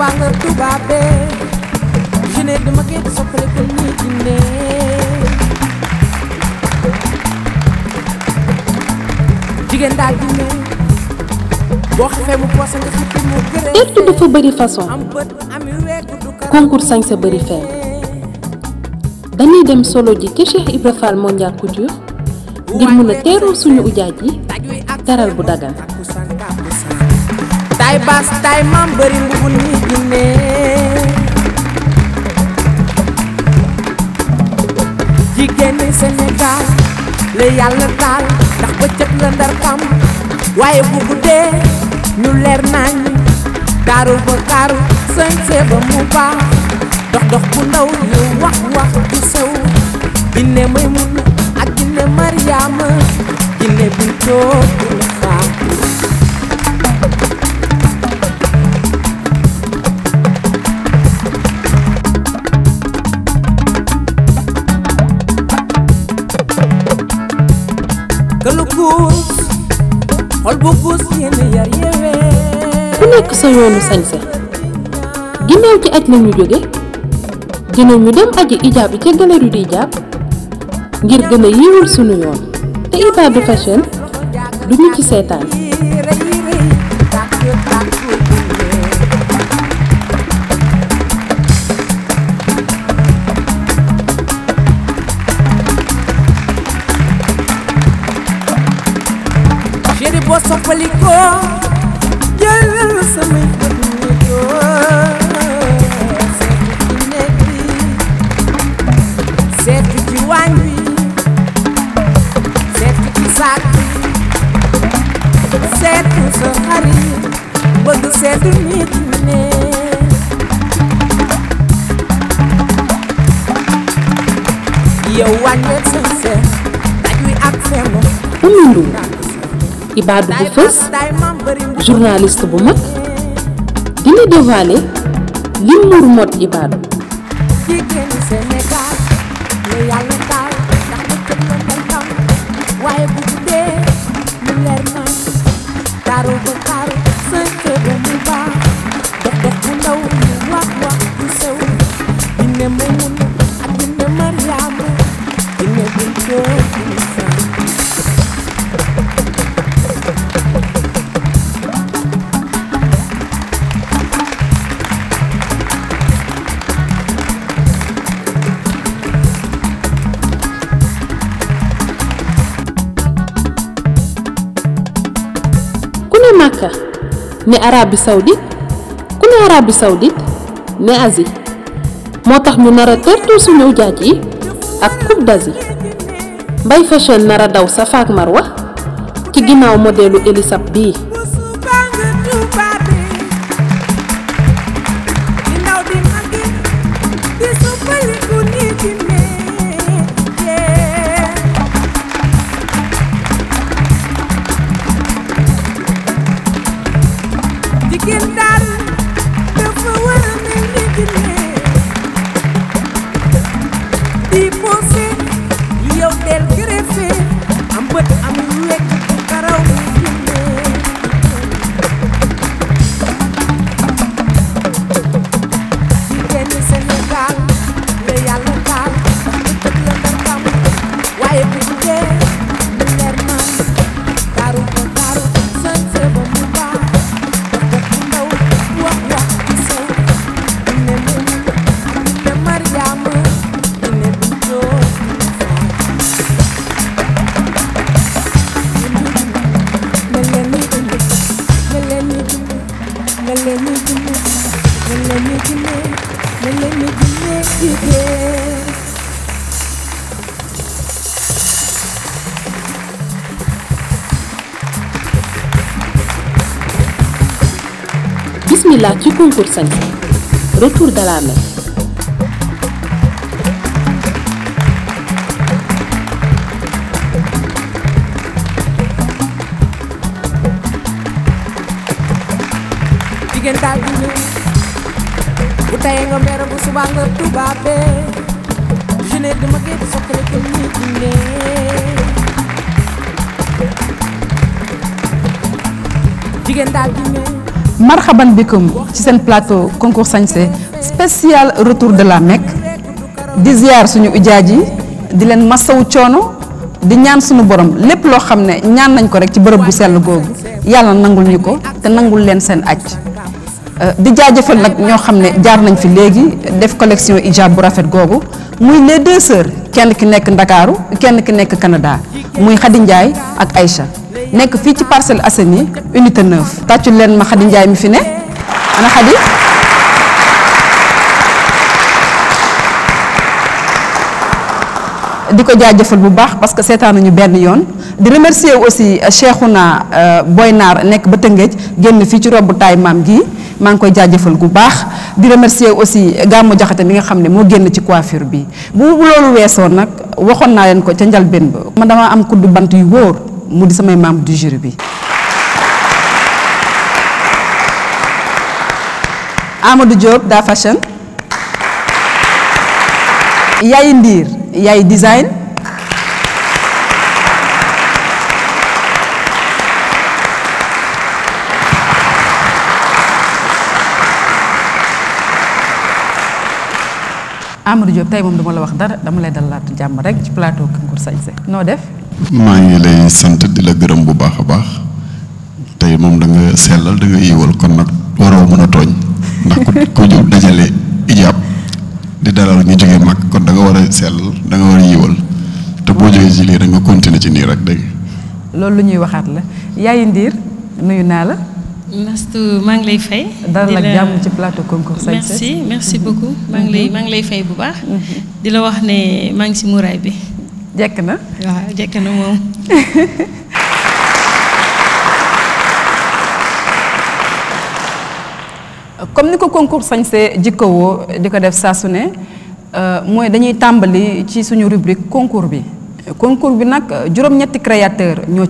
wanga tubabe je ne dama ke so pele ko ni dine jigen dine bo mu mu dafa bari façon concours sa bari dem solo ji ci cheikh ibrahim mondial couture ngir mëna téro suñu ujaaj taral bu dagan ay bas tay mam bëri mbubu ni ginne jigéen ñi la yàlla taal ndax bëccëg la ndar waaye bu guddee ñu leer nañ taaru ba taaru sañse ba mu baax dox dox bu ndaw ñu wax wax bu sew ginne Maymuna ak ginne Mariama ginne Bintu ku nekk sa yoonu sañse ginnaaw ci aj lañu jóge dinañu dem aji ijaab yi ca galerie di ijaab ngir gën yiwul sunu yoon te ibaadu fashion duñu ci seetaan boo soppalikoo jëlal samay bët mu door seetu ci néeg bi seetu ci waañ bi seetu ci saak bi seetu sa xarit bëgg seetu nit mu ne yow wàññeeku sa seet daj wi ak fenn ibaadu bu fës journaliste bu mag dina dévoiler li muur mot ibaadu ne Arabie Saoudite ku ne Arabie Saoudite ne Asie moo tax mu nar a tertu suñu jaaj yi ak Coupe d'Asie Mbaye Fashion nar a daw Safa ak Marwa ci ginnaaw modèlu Elisab bii Bismillah ci concours sañse retour de la mer tey nga mer marxaban bikum ci seen plateau concours sañse spécial retour de la Mecque di suñu ujaaj ji di leen masawu coono di ñaan suñu boroom lépp loo xam ne ñaan nañ ko rek ci bërëb bu sell googu yàlla nangul ñu ko te nangul leen seen aj Euh, di jaajëfal nag ñoo xam ne jaar nañ fi léegi def collection hijab bu rafet googu muy lee deux sœurs kenn ki nekk Ndakaaru kenn ki nekk Canada muy Khady Ndiaye ak Aïcha nekk fii ci Parcelles Assainies unité 9. tàccul leen ma Khady Ndiaye mi fi ne ana di ko jaajëfal bu baax parce que seetaan nañu benn yoon di remercier aussi Cheikhouna euh, naar nekk ba Tëngéej génn fii ci robbu taay maam gii. maa ngi koy jaajëfal gu baax di remercier aussi gàmmu jaxate mi nga xam ne moo génn ci coiffure bi bu loolu weesoo nag waxoon naa leen ko ca njalbeen ba man damaa am kuddu bant yu wóor mu di samay membre di jury bi Amadou Diop Da Fashion Yaay Ndiir Yaay Design Amadou Diop tey moom duma la wax dara dama lay dalalaatu jàmm rek ci plateau Concours Sagnsé noo def. maa ngi lay sant di la gërëm bu baax a baax tey moom danga nga sellal da yiwal kon nag waroo mën a tooñ ndax ku ku jóg dajale ijaab di dalal ñu jógee mag kon da nga war a sellal da nga war a yiwal te boo jógee ci lii da nga continuer ci nii rek dégg loolu lu ñuy waxaat la Yaye Ndir nuyu naa la. Mastou maa ngi lay fay. dalal ak jam ci plateau concours sañse merci merci mhm. beaucoup. mang lay mhm. maa lay fay bu baax. Mhm. di la wax ne Mang ngi si muuraay bi. jek na waaw jekk na moom. comme ni ko concours sañse di ko def saa su ne euh, mooy dañuy tambali ci suñu rubrique concours bi concours bi nag juróom-ñetti créateur ñoo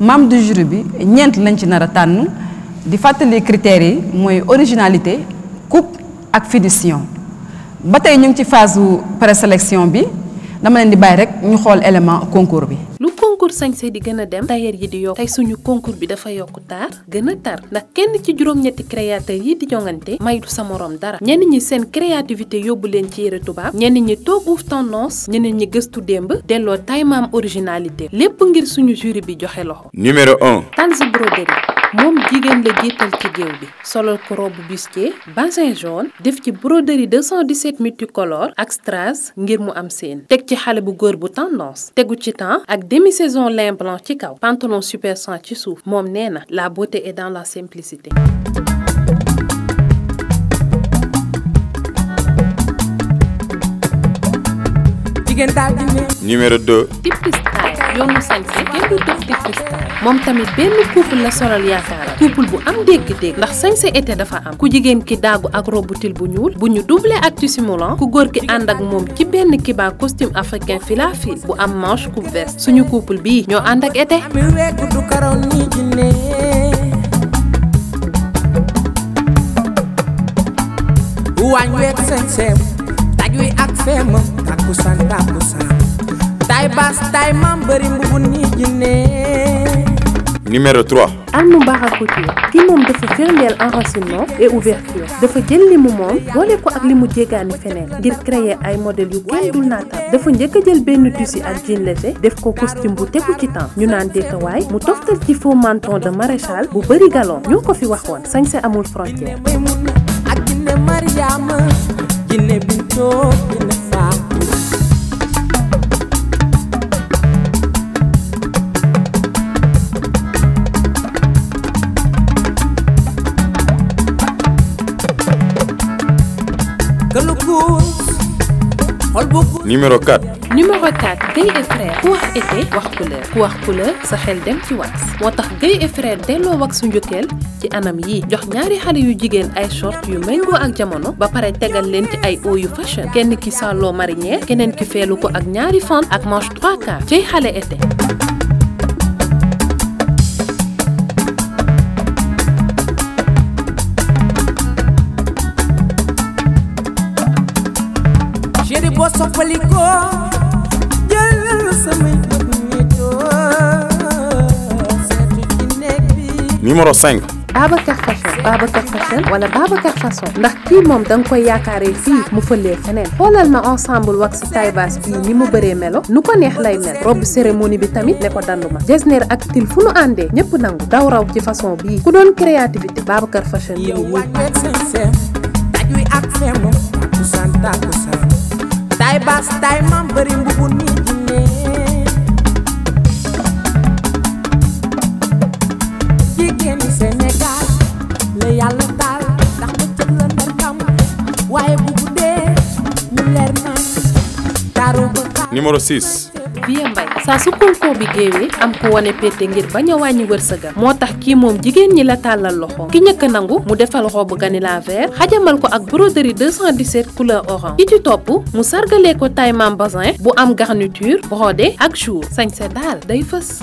membre du jury bi ñeent lañ ci nar a tànn di fàttali critères yi mooy originalité coupe ak finition ba tey ñu ngi ci phase présélection bi dama leen di bàyyi rek ñu xool élément concours bi. lu concours sañse di gën a dem tailleur yi di yokk tey suñu concours bi dafa yokk taar gën a tar ndax kenn ci juróom-ñetti créateur yi di jongante maydu sa morom dara ñenn ñi seen créativité yóbbu leen ci yére tubaab ñenn ñi toog uuf ñeneen ñi gëstu démb delloo taymaam originalité lépp ngir suñu jury bi joxe loxo. numéro 1. moom jigéen la jiital ci géew bi solal ko robe bustier bazin jaune def ci broderie 217 multicolore ak strass ngir mu am seen teg ci xale bu góor bu tendance tegu ci temps ak demi saison lin blanc ci kaw pantalon super sang ci suuf moom nee na la beauté est dans la simplicité. numéro 2. yoonu sañse kenn dootul di cristal moom tamit benn couple la solal yaakaar couple bu am dégg-dégg ndax sañse été dafa am ku jigéen ki daagu ak robutil bu ñuul bu ñu doublé ak tissu moulant ku góor gi ànd ak moom ci benn kibaa costume africain filafil bu am manche coupe veste suñu couple bii ñoo ànd ak été waañ weeg sañ taj wi ak feemam takkusaan takkusaan ay baas tay maam bëri mbubu ñi jinne numéro 3 Anne Mbara Couture kii moom dafa firndeel enracinement et ouverture dafa jël li mu moom boole ko ak li mu jégaani feneen ngir créer ay modèle yu kenn dul naatam dafa njëkk jël ben tissu ak jean léger def ko costume bu téku ci temps ñu naan dëkkawaay mu toftal ci faux menton de maréchal bu bëri galon ñoko ko fi waxoon sañse amul frontière. ak jinne Mariama jinne bintou jinne numéro 4 numéro 4 Guèye et Frères ku wax été wax couleur ku wax couleur sa xel dem ci wax moo tax Guèye et Frères delloo wax su njukkeel ci anam yi jox ñaari xale yu jigéen ay short yu méngoo ak jamono ba pare tegal leen ci ay eau yu fashion kenn ki sàlloo marinière keneen ki feelu ko ak ñaari fente ak manche 3 quarts cay xale été soppalikoo jëlal samay bët ñuy toog seetu ci nekk bi numéro 5 Babacar Fashion Babacar Fashion wala Babacar Fashion ndax kii moom da nga koy yaakaaree fii mu fëlee feneen xoolal ma ensemble wax si taille basse bii ni mu bëree melo nu ko neex lay mel robe cérémonie bi tamit ne ko dandu ma gesner ak til fu nu àndee ñëpp nangu daw raw ci façon bii ku doon créativité Babacar Fashion bi ngi nii day baas day mam bëri mbubu nii jinne jigéeni Sénégal la yàlla taal ndax bëccëg la ndar kam waaye bu guddee ñu leer naan taaru ba numéro 6 Biye Mbaye saa su concours bi géewee am ko wane pété ngir bañ a wàññi wërsëgam moo tax kii moom jigéen ñi la tàllal loxo ki ñëkk nangu mu defal robe Ganila vert xajamal ko ak broderie 217 couleur orange ki ci topp mu sargalee ko taille moccasine bu am garniture brodé ak jour sañse daal day fës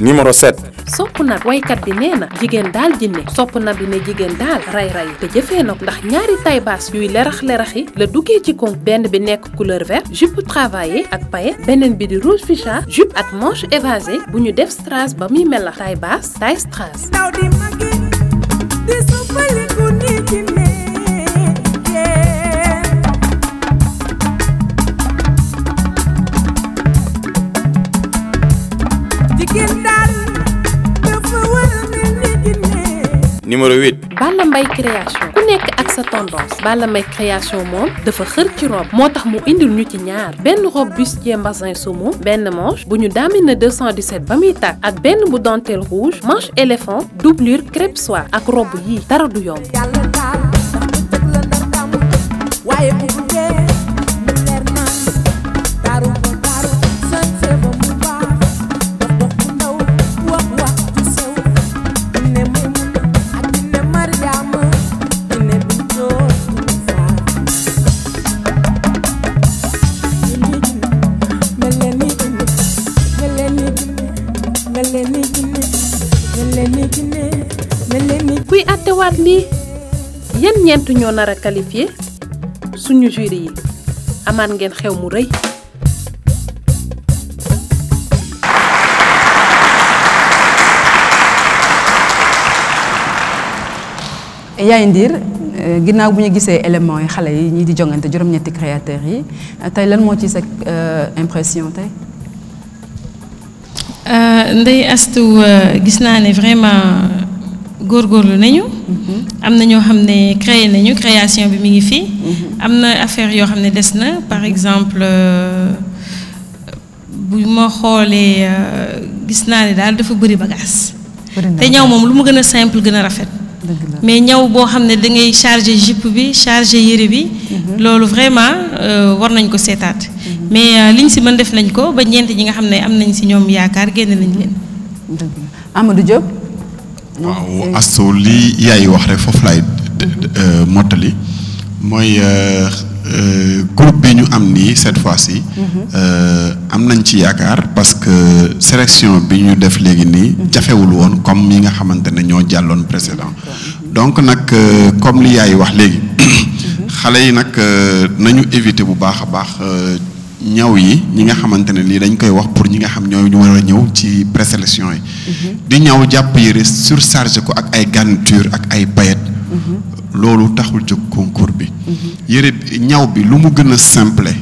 numéro 7 sopp nag waykat bi nee na jigéen daal jinne sopp na bi ne jigen dal ray-ray te jëfee na ndax ñaari tay baas yu lerax-leraxi le ci kon benn bi nekk couleur vert jupe travailler ak paye benen bi di rouge ficha jupe ak manche évasé, bu ñu def strass ba muy melax tay baas tay strass numéro 8. Balla création ku nek ak sa tendance Balla création mom dafa xër ci robe motax mu indil ñu ci ñaar ben robe bustier saumon ben manche bu ñu 217 Bamita, muy Ben ak ben bu dentelle rouge manche éléphant doublure crêpe soie ak robe yi dara du yomb. xalaat lii ñent ñeent ñoo nar a suñu jury yi amaat ngeen xew mu rëy. Yaay Ndiir ginaaw bu ñu gisee éléments yi xale yi ñii di jongante juróom-ñetti créateurs yi tey lan moo ci sa euh, impression tey. Euh, Ndeye astu euh, gis naa ne vraiment góorgóorlu nañu. Mhm. am na ñoo xam ne créé nañu création bi mi ngi fi mhm. am na affaire yoo xam ne des na par exemple euh, bu ma xoolee euh, gis naa ne daal dafa bëri bagage. te ñaw moom lu mu gën a simple gën a rafet. mais ñaw boo xam ne da ngay chargé jupe bi chargé yére bi. Mhm. loolu vraiment euh, war nañ ko seetaat. mais liñ si mën def nañ ko ba ñeent ñi nga xam ne am nañ si ñoom yaakaar génn nañ leen. Amadou Diop. waaw astu li yaay wax rek foofu laay euh, mottali mooy euh, euh, groupe bi ñu am nii cette fois-ci mhm. am nañ ci yaakaar parce que sélection bi ñu def léegi nii mhm. jafewul woon comme yi nga xamante ne ñoo jàlloon précédent donc nag comme li yaay wax léegi mhm. xale yi nag nañu éviter bu baax a baax ñaw yi ñi nga xamante ne lii dañ koy wax pour ñi nga xam ñooy ñu ñëw ci présélection yi. Mhm. di ñaw jàpp yére surchargé ko ak ay garniture ak ay paillettes. Mhm. loolu taxul jóg concours bi. Mhm. yére ñaw bi lu mu gën a simple.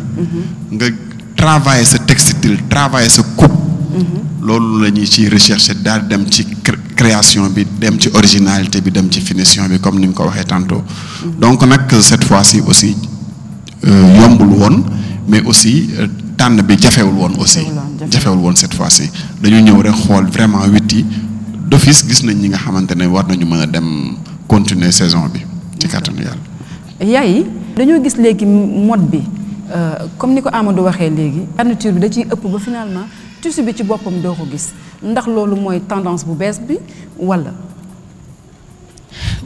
nga travailler sa textile travailler sa coupe. loolu la ñuy ciy recherche daal dem ci création bi dem ci originalité bi dem ci finition bi comme ni nga ko waxee tantôt. donc nag cette fois si aussi euh, yombul woon. mais aussi euh, tànn bi jafewul won aussi jafewul won cette fois ci dañu ñëw rek xol vraiment huit d'office gis nañ ñi nga xamantene war nañu mëna dem continuer saison bi ci carton yàlla yaay dañu gis légui mode bi euh, comme niko Amadou waxé légui garniture bi da ci ëpp ba finalement tissu bi ci bopam doo ko gis ndax loolu mooy tendance bu bees bi wala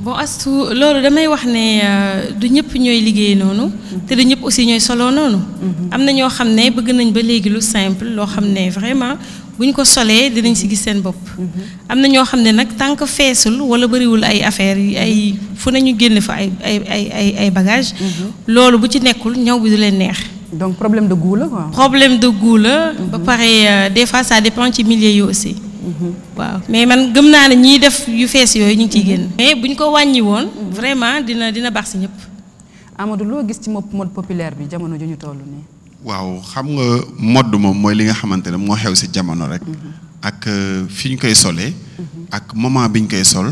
bon astu loolu damay wax ne euh, du ñëpp ñooy liggéey noonu. te du ñëpp aussi ñooy solo noonu. Mhm. am na ñoo xam ne bëgg nañ ba léegi lu simple loo xam ne vraiment buñ ko solee dinañ si gis seen bopp. Mhm. am na ñoo xam ne nag tant que feesul wala bëriwul ay affaires yi ay fu nañu génne fa ay ay ay ay ay bagages. Mhm. loolu bu ci nekkul ñaw bi du leen neex. donc problème de goût la quoi. problème de goût la. ba pare euh, des fois ça dépend ci milieu yi aussi. waaw mais man gëm naa ne ñiy def yu fees yooyu ñu ngi ciy mhm. génn. mais buñ ko wàññi woon. Mhm. vraiment dina dina baax si ñëpp. Amadou loo gis ci mode populaire bi jamono ju ñu toll nii. waaw xam nga mode moom mooy li nga xamante ne moo xew si jamono rek. Mhm. ak euh, fi ñu koy solee. ak moment bi ñu koy sol.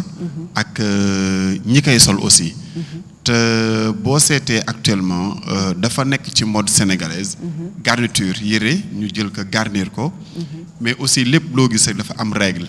ak euh, ñi koy sol aussi. te boo actuellement euh, dafa le ci mode sénégalaise mhm. garniture yére ñu jël ko garnir mhm. mais aussi les blogs qui rek dafa am règle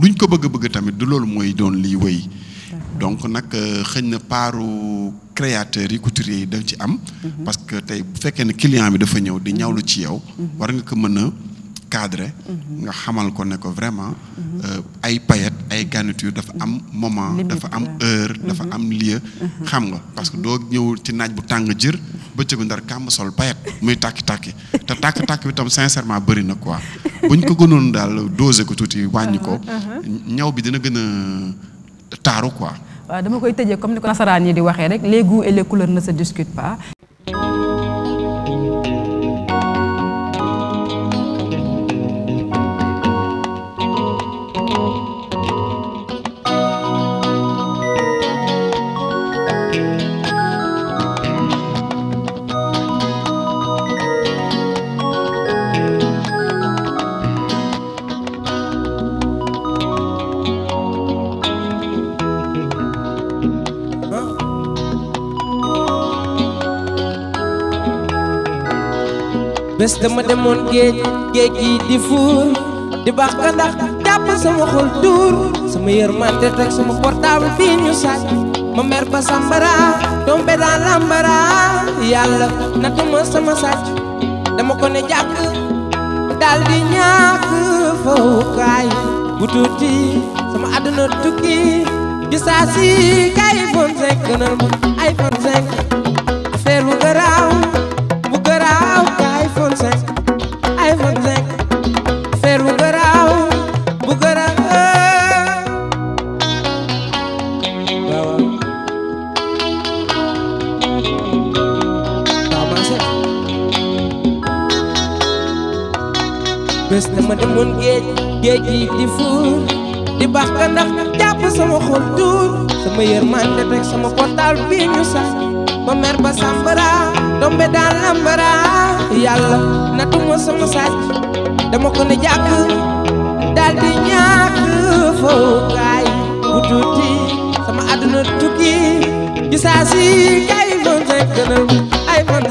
luñ ko bëgg bëgg tamit du loolu mooy doon liy wéy donc nag euh, xëy na paaru créateurs yi couturiers yi daf ci am mhm. parce que tey bu fekkee ne client bi dafa ñëw di mhm. lu ci yow mhm. war nga ko mën na cadré nga xamal ko ne ko vraiment euh, ay paillettes ay garniture dafa am moment dafa am heure dafa am mhm. lieu mhm. xam nga parce que do ñëw ci naaj bu tàng jër bëccëgu ndar kam sol paillette muy tàkki-tàkki te tàkk-tàkk bi tam sincèrement bari na quoi buñ ko gënoon dal dosé ko tuuti wàññi ko uh-huh, uh-huh. ñaw bi dina gëna taru quoi waaw dama koy tëjee comme ni ko nasaraan yi di waxee rek les goûts et les couleurs ne se discutent pas bés dama demoon géej gi di fuur di baax ndax jàpp sama xol tuur sama yërmande teg sama portable bii ñu sàcc ma mer ba sambara tombe lambara natuma sama sàcc dama ko ne jàkk daal di bu sama àdduna tukki gisaa si kay iPhone 5 géej di fuur di baax ndax jàpp sama xol tuur sama yërmande teg sama portal bii ñu sax ba mer ba sàmbara tombe daal lambara yàlla natuma sama sàcc dama ko ne jàkk daal di ñàkk fookaay bu tuuti sama àdduna tukki gisaa kay man zinc gënal ay man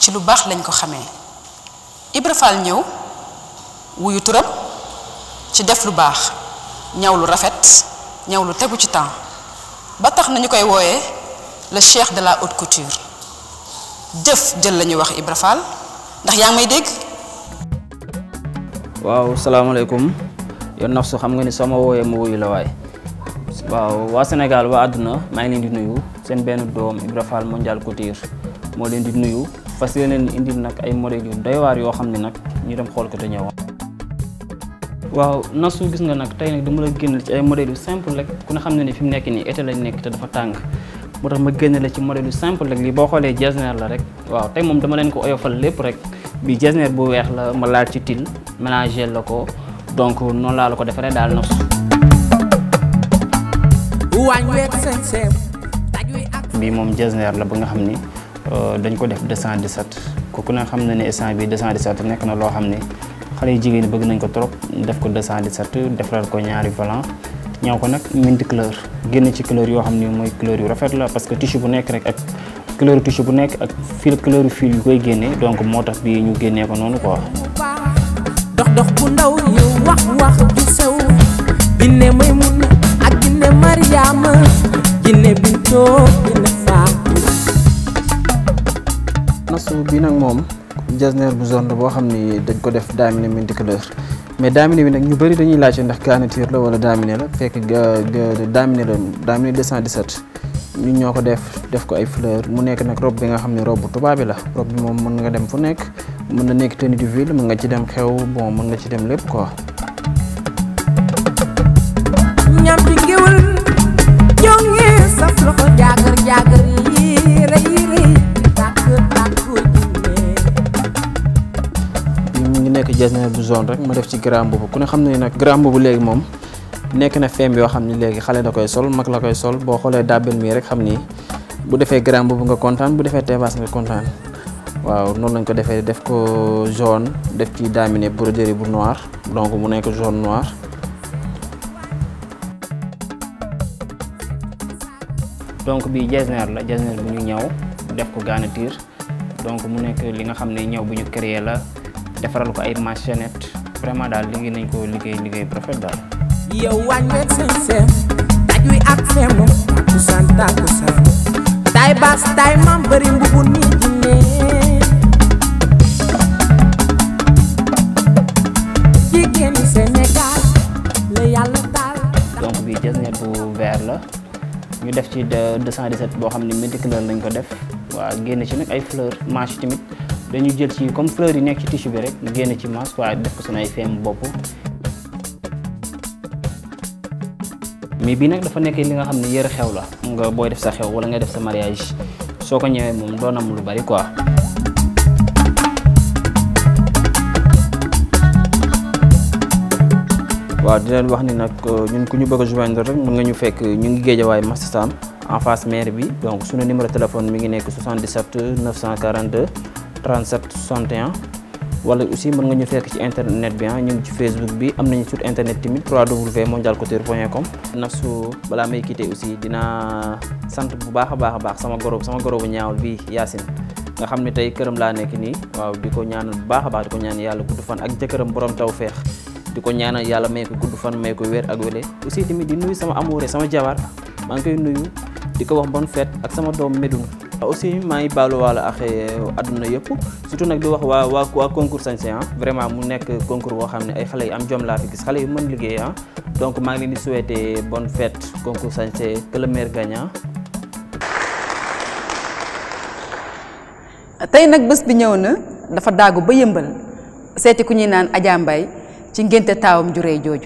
ci lu baax lañ ko xamee ibra fall ñëw wuyu turam ci def lu baax ñaw lu rafet ñaw lu tegu ci temps ba tax nañu koy wooyee le cheikh de la haute couture jëf jël lañuy wax ibra fall ndax yaa ngi may dégg waaw salaamaaleykum nafsu xam nga ni sama wooyee mu wuyu la waay waaw waa sénégal waa àdduna maa ngi leen di nuyu seen benn doom ibra fall mondial couture moo leen di nuyu fas yéene indi nak ay model yu doy war yo xamni nak ñu dem xol ko te ñew waaw nasu gis nga nak tay nak dama la gënal ci ay model yu simple rek ku ne xamni ni fim nekk ni été lañ nekk te dafa tang motax ma gënal ci model yu simple rek li bo xolé jasner la rek waaw tay mom dama leen ko oyofal lepp rek bi jasner bu weex la ma laal ci til mélanger lako donc non la lako defaree dal nasu bi mom jasner la ba nga xamni Eh, dañ ko def 217 ku na xam na ne essence bi 217 nek na lo xam ne xalé yu jigéen bëgg nañ ko trop def ko 217 defaral ko ñaari volant ñaw ko nak mint couleur genn ci couleur yo xam ni moy couleur yu rafet la parce que tissu bu nek rek ak couleur tissu bu nek ak fil couleur fil yu koy genné donc motax bi ñu genné ko nonu quoi dox dox bu ndaw yu wax wax ju sew ginne may mun ak ginne mariama ginne bintoo ginne fa nasu bi nag moom jasneer bu zone boo xam ni dañ ko def daamine multicolore mais daamine bi nag ñu bëri dañuy laajte ndax garniture la wala daamine la fekk daamine la daamine 217 ñun ñoo ko def def ko ay fleur mu nekk nag robe bi nga xam ne robe bu tubaabi la robe moom mën nga dem fu nekk mën na nekk tenue de ville mën nga ci dem xew bon mën nga ci dem lépp ko ñam di ngiwul ñoo saf loxo jaagar jaagar nekk jasneer bu zone rek ma def ci grand boobu ku ne xam ne nag grand boobu léegi moom nekk na feem yoo xam ne léegi xale da koy sol mag la koy sol boo xoolee dàbbin mii rek xam ni bu defee grand boobu nga kontaan bu defee teebaas nga kontaan waaw noonu lañ ko defee def ko jaune def ci daamine broderie bu noir donc mu nekk jaune noir donc bii jasneer la jasneer bu ñu ñëw def ko garniture donc mu nekk li nga xam ne ñëw bu ñu créer la defaral ko ay machinette vraiment dal liggéey nañ ko liggéey liggéey profet dal daal yow wàññeeg seen seen taj wi ak seen moom takusaan takusaan tay bas tay mam bari mbubu ni ñi ki ken senegal le yalla daal donc bi ne bu vert la ñu def ci 217 bo xamni medical lañ ko def wa génn ci nak ay fleur manche dañu jël ci comme fleur yi nek ci tissu bi rek ñu génn ci masse waaye def ko sama ay bop mi bi nak dafa nek li nga xamni ne xew la nga boy def sa xew wala nga def sa mariage soko ko mom do na am lu bari quoi wa di len wax ni nak euh, ñun ku ñu bëgg joindre rek mën nga ñu fekk ñu ngi Guédiawaye Mass Sam en face maire bi donc suñu numéro téléphone mi ngi nekk 77 942 37 61 wala aussi mën nga ñu fekk ci internet bi ah, ñu ci facebook bi am sur internet tamit www.mondialcouture.com nafsu balaa may quitté aussi dinaa sant bu baax a baax sama gorob sama gorobu ñaawul bi yasin nga xam ne tey këram laa nekk nii waaw di ko ñaanal bu baax a baax di ko ñaan yàlla gudd fan ak jëkkëram borom taw feex ñaanal may ko gudd fan may ko ak aussi di nuyu sama amouré sama jabar maa ngi koy nuyu di ko wax bonne fête ak sama doom Medoun ah, aussi maa ngi baalu ak eh, àdduna yëpp surtout nag di wax waa waa concours sañse ah vraiment mu nekk concours boo xam ay xale am jom laa fi gis xale yu mën liggéey ah donc maa ngi leen souhaiter bonne fête concours que le gagnant ah. bi ñëw na dafa ba yëmbal ku naan ci ju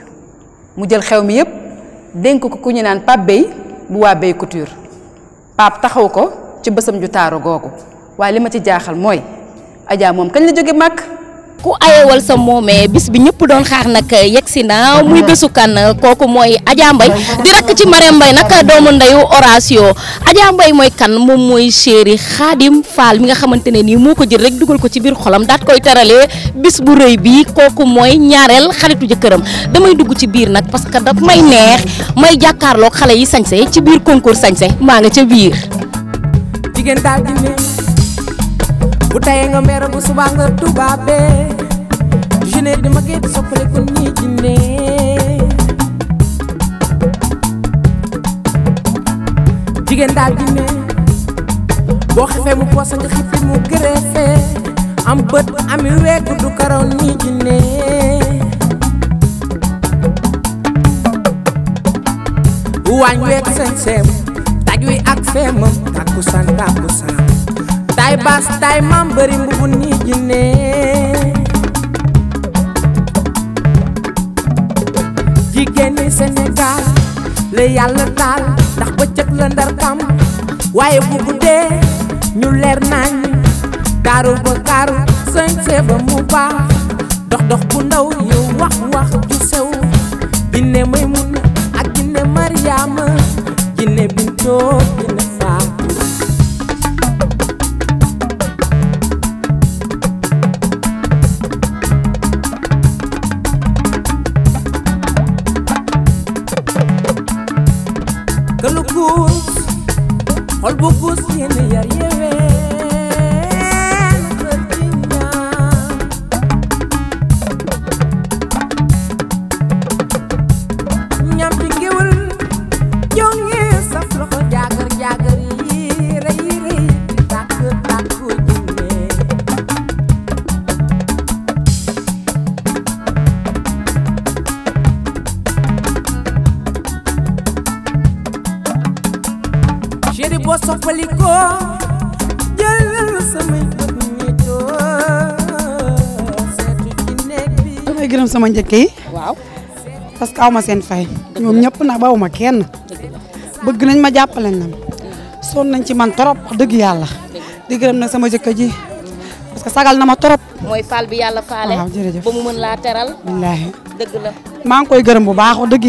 mu jël xew mi yëpp ko ku naan bu Couture paap taxaw ko ci bësam ju taaru googu waaye li ma ci jaaxal mooy Adja moom kañ la jóge màkk ku ayewal sa momé bis bi ñëpp doon xaar nak yeksi na muy besu kan koku moy Adja Mbaye di rakk ci Marème Mbaye nak doomu ndeyu oratio Adja Mbaye kan mom moy chéri Khadim Fall mi nga xamantene ni moko jël rek duggal ko ci bir xolam daat koy téralé bis bu reuy bi koku moy ñaarel xaritu jëkkëram damay dugg ci bir nak parce que daf may neex may jakarlo xalé yi sañsé ci bir concours sañsé ma nga ci bir daal di neex bu tayee nga mer bu subaa nga tubaabe jeune di ma génn soppale ko ñi jinne jigéen daal jinne boo xefee mu poosa nga xifi mu gërëfe am bët ami weeg du karaw ñi jinne waañ weeg seen seem taj wi ak feemam tàkkusaan tàkkusaan tay baas tay maam bëri mbubu ni jinne jigéen ñi la yàlla taal ndax bëccëg la ndar waaye bu guddee ñu leer nañ kaaru ba kaaru sañse ba mu baax dox dox bu ndaw yu wax wax ju sew jinne Maymuna ak jinne Mariama jinne Bintu All bufus sama njëkk pas waaw parce que aw pun seen fay. makan, begini nag bawu ma kenn. bëgg nañ ma jàppale nañ son nañ ci man trop wax dëgg di gërëm nag sama jëkkër ji parce que sagal na ma trop. mooy faal bi mu mën teral. nama, dëgg la. maa ngi koy bu baax wax dëgg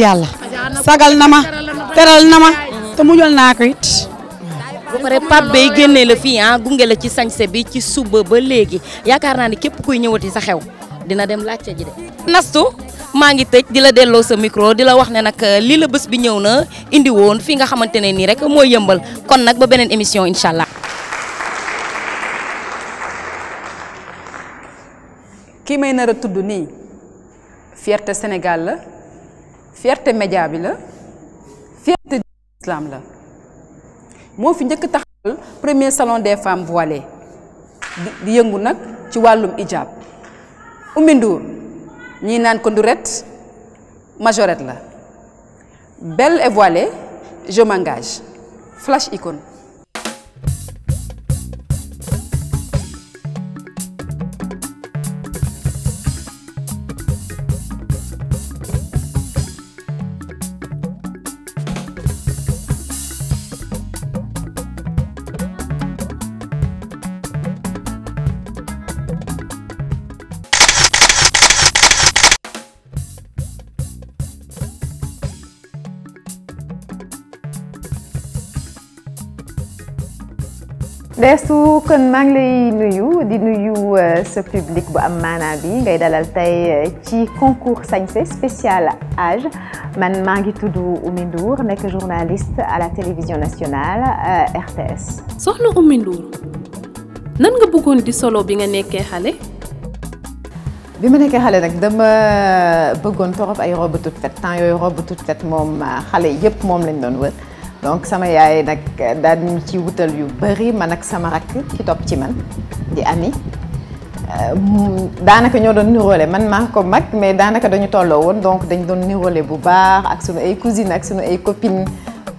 sagal na ma na ma. te ko it. Ah, ci sañse bi ci suba ba yakarna ni kuy sa xew dina dem laccé ji dé nastu ma ngi tejj di délo sa micro di wax né nak euh, li le bëss bi ñëw na indi woon fi nga xamante ni rek moy yëmbal kon nak ba benen émission inshallah ki may na ra tuddu ni fierté Sénégal la fierté média bi la fierté islam la mo fi ñëk taxal premier salon des femmes voilées di yëngu nak ci walum ijab umindu nina ñii naan ko majorette la belle et voilée je m'engage flash icône kon maa lay nuyu di nuyu ce euh, public bu am mana bi ngay dalal tay euh, ci concours sañse spécial âge man mangi ngi tudd Oumy Ndour journaliste à la télévision nationale euh, RTS. soxna Oumy Ndour nan nga bëggoon di solo bi nga nekkee xalé bi ma nekkee xale nag dama bëggoon torop ay robe toute faite temps yooyu robe toute faite moom xale yépp moom lañ doon wër donc sama m'a aidé. daal ñu ci wutal yu bëri man ak sama rakk ki topp ci man di ami daanaka ñoo doon niroole man maa ko mag mais daanaka dañu tolloo woon donc dañ doon niroole bu baax ak sunu ay cousines ak sunu ay copines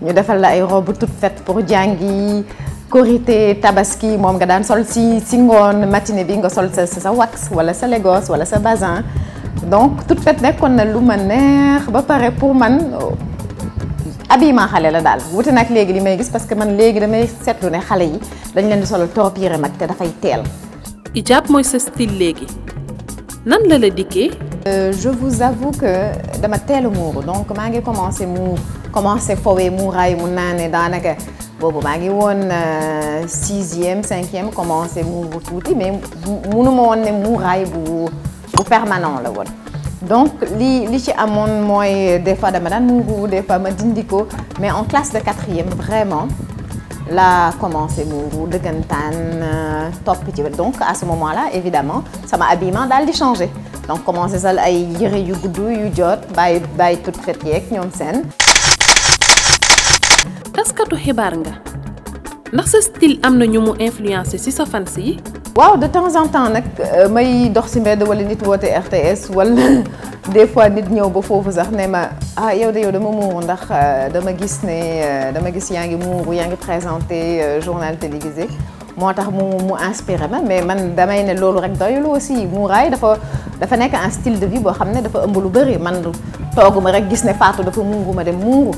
ñu defal la ay robe toute faite pour jàngi Corité, tabaski moom nga daan sol si si ngoon matinée bi nga sol sa sa wax wala sa Lagos wala sa bazin donc toute faite nekkoon na lu ma neex ba pour man habillement xalé la dal wuti nak léegi li may gis parce que man léegi damay seetlu ne xale yi dañ leen di solo trop yére mag te dafay teel. hijab moy ce style léegi nan la la diké euh, je vous avoue que dama teel a donc ma ngi commencé mou commencé fowee muuraay mou nané danaka bobu ma ngi woon euh, sixième e commencé muuru tuuti mais munu ma woon ne muuraay bu bu permanent la woon donc ce qui des fois des fois ma Dindiko, mais en classe de quatrième vraiment là commencé de dëggantaan euh, top donc à ce moment là évidemment ça m'a daal di changer. donc commencé ça à yëre yu goudou, yu jot bye style influencé sa waaw de temps en temps nak, euh, may dox ci mbedd wala nit woote RTS wala des fois nit ñëw ba fofu sax ne ma ah yow de yow dama mu ndax euh, dama gis né euh, dama gis yaangi mu muuru yaa présenté journal télévisé moo tax mu mu inspiré ma mais man damay né lolu rek doyul aussi mu ray dafa dafa nek un style de vie bo xamné dafa ëmb lu bëri man tooguma rek gis né Fatou dafa muuru ma dem muuru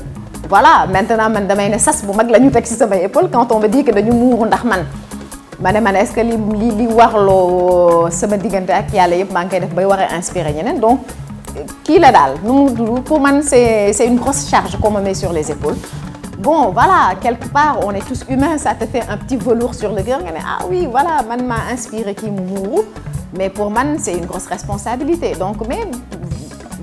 voilà maintenant man damay né sas bu mag lañu tek ci sama épaule quand on me dit que dañu muuru ndax man ma ne est-ce que li li li warloo sama diganté ak def bay inspiré donc qui la d'al. nu pour moi, c'est une grosse charge qu'on me met sur les épaules bon voilà quelque part on est tous humains ça te fait un petit velours sur le cœur ah oui voilà man m'a inspiré qui mu mais pour moi, c'est une grosse responsabilité donc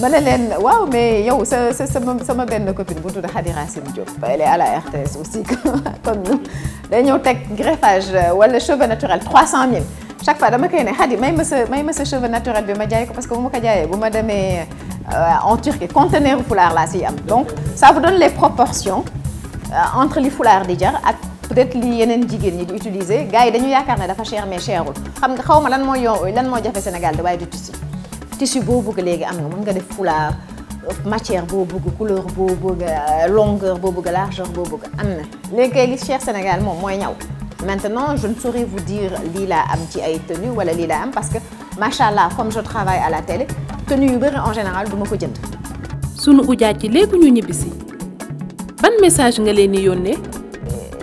ma ne waaw mais yow sa sa sama sama benn copine bu tudd Khady Racine Diop elle est à la RTS aussi comme ñun day ñëw teg greffage euh, wala cheveux naturel 300000 chaque fois dama koy ne Khady may ma sa may ma sa cheveux naturel bi ma jaay ko parce que bu ma ko jaayee bu ma demee euh, en Turquie conteneur foulard laa siy am donc ça vous donne les proportions euh, entre li foulard di jar ak. peut-être li yeneen jigéen ñi di utiliser gars yi dañu yaakaar ne dafa cher mais cherul xam nga xaw ma lan moo yo lan moo jafe Sénégal da waaye du tissu tissu beau, beau, léegi am nga mën nga def foulard matière beau, beau, couleur beau, beau, longueur beau, beau, largeur beau, beau. am na léegi li cher Sénégal mom moy ñaw maintenant je ne saurais vous dire lila, laa am ci ay tenue wala lii am parce que machallah, comme je travaille à la télé tenue yu en général du ko jënd. sunu ujaat ci léegi ñu ñibbisi ban message nga leen di eh,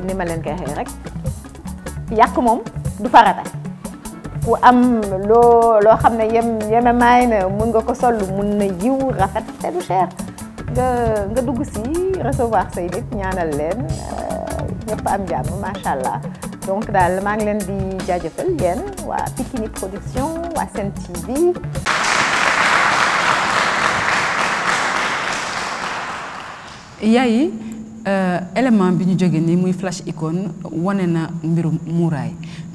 ni ma leen kay rek yak mom du farata. ku am loo loo xam ne yem yeme maay na mun nga ko sol mun na yiw rafet te du cher nga nga dugg si recevoir say nit ñaanal leen euh, ñëpp am jàmm macha allah donc daal maa ngi leen di jaajëfal yéen waa Pikini Production waa Sen TV. yaay euh, élément bi ñu jógee nii muy flash icône wane na mbirum muuraay.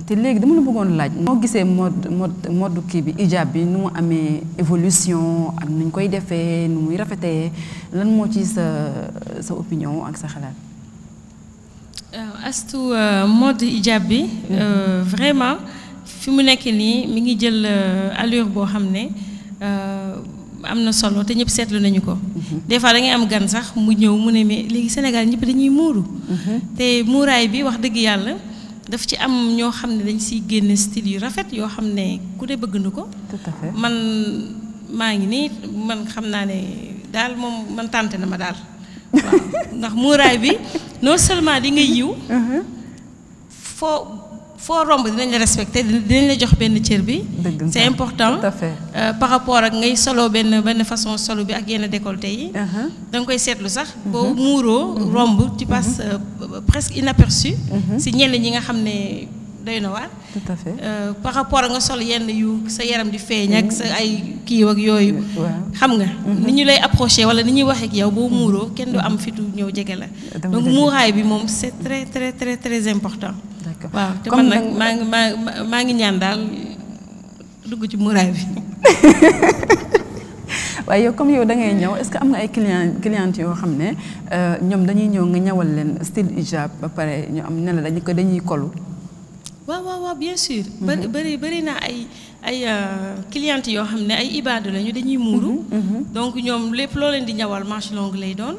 te léegi dama la bëggoon laaj noo gisee mode mode mode kii bi hijab bi nu mu évolution ak nu ñu koy defee nu muy rafetee lan ci sa sa opinion ak sa xalaat euh, astu euh, mode hijab bi euh, vraiment fimu mu nekk nii mi ngi jël allure bo xamné euh amna solo té ñëpp sétlu nañu ko. Mhm. des fois da ngay am gan sax mu ñëw mu né mais légui Sénégal ñëpp dañuy muuru. Mhm. té mouray bi wax dëgg yalla daf ci am ñoo xam ne dañ siy génne style yu rafet yoo xam ne ku ne bëgg na ko. tout man maa ngi nii man xam naa ne daal moom man tànte na ma daal. ndax muuraay bi non seulement di ngay yiw. Uh-huh. foo. foo romb dinañ la respecté dinañ la jox benn cër bi. c'est important tout euh, par rapport ak ngay solo benn benn façon solo bi ak yenn décolleté yi. Uh-huh. da nga koy seetlu sax. Uh-huh. boo muuroo uh-huh. romb tu passes euh, presque inaperçu. si ñenn ñi nga xam ne doy tout à fait euh, par rapport nga sol yenn yu sa yaram di feeñ ak sa ay kiiw ak yooyu. xam nga. Mhm. ni ñu lay approché wala ni ñuy wax ak yow boo muuroo kenn du am fitu ñëw jege la. donc muuraay bi moom c'est très très très très important. d'accord waaw te man nag maa ngi maa maa ngi ñaan daal dugg ci muuraay bi. waaye yow comme yow da ngay ñëw est-ce que am nga ay client clientes yoo xam ne euh, ñoom dañuy ñëw nga ñawal leen style hijab ba pare ñu am ne la dañu ko dañuy kolu waaw waaw waaw bien sûr. Mm-hmm. bari bari bari na ay ay euh, clientes yoo xam ne ay ibaadu lañu dañuy muuru. Mm-hmm. Mm-hmm. donc ñoom lépp loo leen di ñawal marche longue lay doon.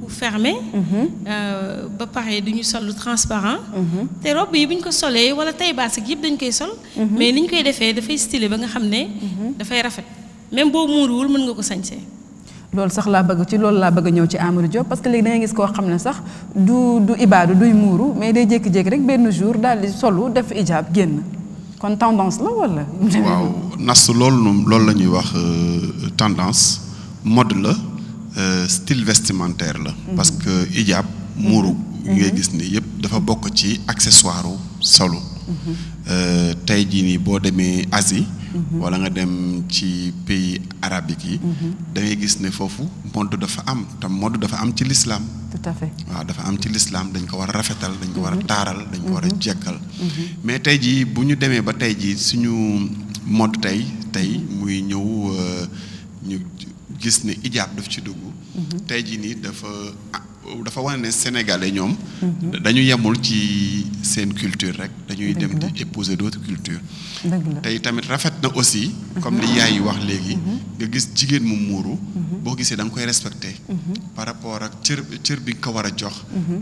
ku fermé. Euh, ba pare du sol transparent. te robe yi buñ ko solee wala tay baasik yëpp dañ koy sol. mais niñ ñu koy defee dafay stylé ba nga xam ne. dafay rafet même boo muuruwul mën nga ko sañsee loolu sax laa bëgg ci loolu laa bëgg ñëw ci Amadou Diop parce que léegi da ngay gis koo xam ne sax du du ibaadu duy muuru mais day jékki-jékki rek benn jour daal di solu def ijab génn kon tendance la wala. waaw nas loolu moom loolu la ñuy wax euh, tendance mode la euh, style vestimentaire la. Mhm. parce que ijab muuru. Mhm. ngay mhm. gis ni yëpp dafa bokk ci accessoire solu. Euh, tey jii nii boo demee asi mhm. wala nga dem ci pays arabique yi. Mhm. da ngay gis ne foofu mode dafa am tam mode dafa am ci lislaam tout am ci lislaam dañ ko war a rafetal dañ ko war a mhm. taaral dañ ko war a jekkal. mais tey jii bu ñu demee ba tey jii suñu mode tey tey muy ñëw euh, ñu gis ne ijaab daf ci dugg. tey jii nii dafa dafa wane ne sénégalais ñoom. dañu yemul ci seen culture rek. dañuy dem di épouser d'autres culture tey tamit rafet na aussi. comme li yaay yi wax léegi. Mhm. nga gis jigéen mu muuru. Mhm. boo gisee da nga koy respecté. Mhm. par rapport ak cër cër bi nga ko war a jox.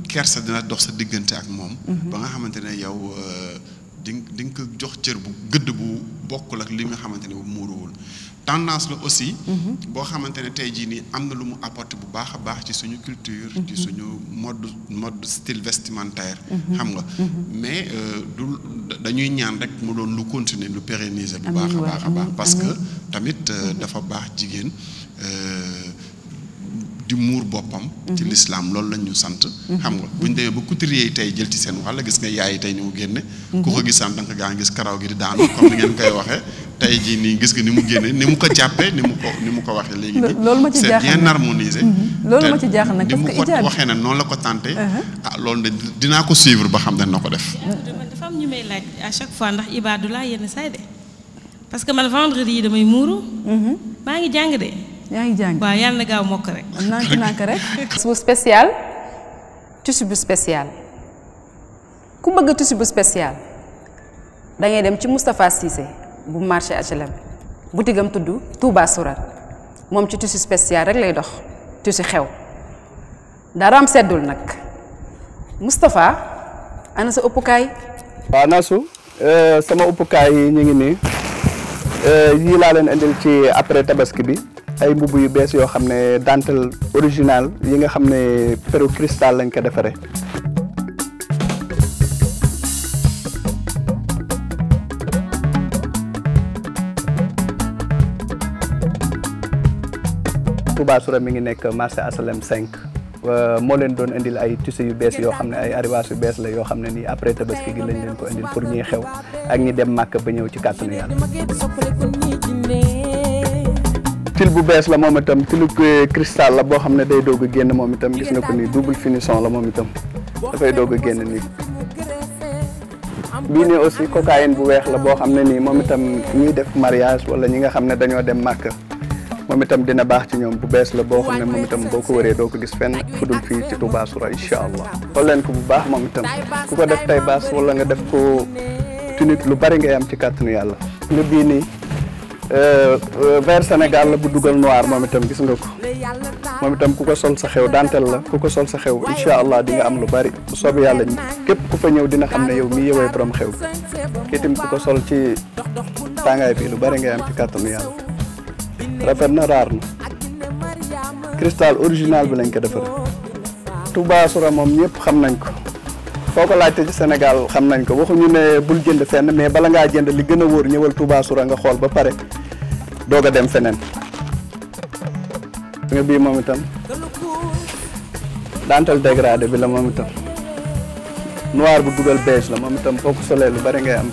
kersa dina dox sa diggante ak moom. ba nga xamante ne yow. Euh, di nga di nga ko jox cër bu gëdd bu bokkul ak li nga xamante ne bu muuruwul tendance la aussi. Mhm. bo xamantene ne tey jii nii am lu mu apporte bu baax a baax ci suñu culture. ci mhm. suñu mode mode style vestimentaire. Mhm. xam nga mais euh, du dañuy ñaan rek mu doon lu continuer lu pérenniser. bu baax a baax parce que tamit euh, dafa baax euh di muur boppam. ci mhm. lislaam loolu lañ ñu sant. Mhm. xam nga bu ñu demee ba couturier yi tey jël ci seen wàll gis nga yaay yi tey ni mu génne. Mhm. ku ko gisaan da nga gaa gis karaw gi di daanu comme ni ngeen koy nii gis nga ni mu génne ni mu ko jàppee ni mu ko ni mu ko waxee léegi. loolu ma ci jaaxal c'est bien harmonisé. loolu ma ci waxee nag noonu la ko tenté. Uh-huh. ah loolu dinaa ko suivre ba xam ne na ko def. Euh, dafa am ñu may laaj que man vendredi yi damay muuru. maa ngi jàng de yaa ngi jàng waaw yàlla na gaaw mokk rek. nànk nànk rek. bu spécial tissu bu spécial ku bëgg tissu bu spécial da dem ci Moustapha Cissé bu marché HLM bu am tudd Touba Sourate moom ci tissu spécial rek lay dox tissu xew dara am seddul nag Moustapha ana sa ëppukaay. waaw Nasu euh, sama ëppukaay yi ñu ngi nii euh, yii laa leen indil ci après tabaski bi. ay mbubu yu bees yoo xam ne dantel original yi nga xam ne peru cristal lañ ko defaree Touba Soura mi ngi nekk marché asalem 5 euh, moo leen doon indil ay tissu yu bees yoo xam ne ay arrivage yu bees la yoo xam ne nii après tabaski gi lañ leen ko indil pour ñuy xew ak ñi dem màkk ba ñëw ci kàttanu yàlla til bu bes la moom itam tilu cristal la bo xamne day dogu genn génn itam gis nako ni double finition la moom itam dafay doog a génn nii bii nii aussi cocaine bu wex la bo xamne ni nii itam ñuy def mariage wala ñi nga xamne ne dañoo dem màkk moom itam dina bax ci ñom bu bes la bo xamne ne moom itam boo ko wëree gis fenn fudul fi ci Touba Soura inshallah allah len ko bu bax moom itam ku ko def tay baas wala nga def ko tunit lu bari nga am ci kàttanu yalla lu bi ni Euh, vert Sénégal la bu dugal noir moom itam gis nga ko moom itam ku ko sol sa xew dantel la ku ko sol sa xew incha allah di nga am lu bari bu yàlla ñi képp ku fa ñëw dina xam ne yow mi yowee borom xew bi itam ku ko sol ci tàngaay bi lu bari ngay am ci kàttanu yàlla rafet na raar na cristal original bi lañ ko defaree. Touba Soura moom ñëpp xam nañ ko. foo ko laajte ci Sénégal xam nañ ko waxuñu ne bul jënd fenn mais bala ngaa jënd li gën a wóor ñëwal Touba Soura nga xool ba pare doog a dem feneen nga bii moom itam daantal dégradé bi la moom itam noir bu dugal beige la moom itam boo ko lu bari ngay am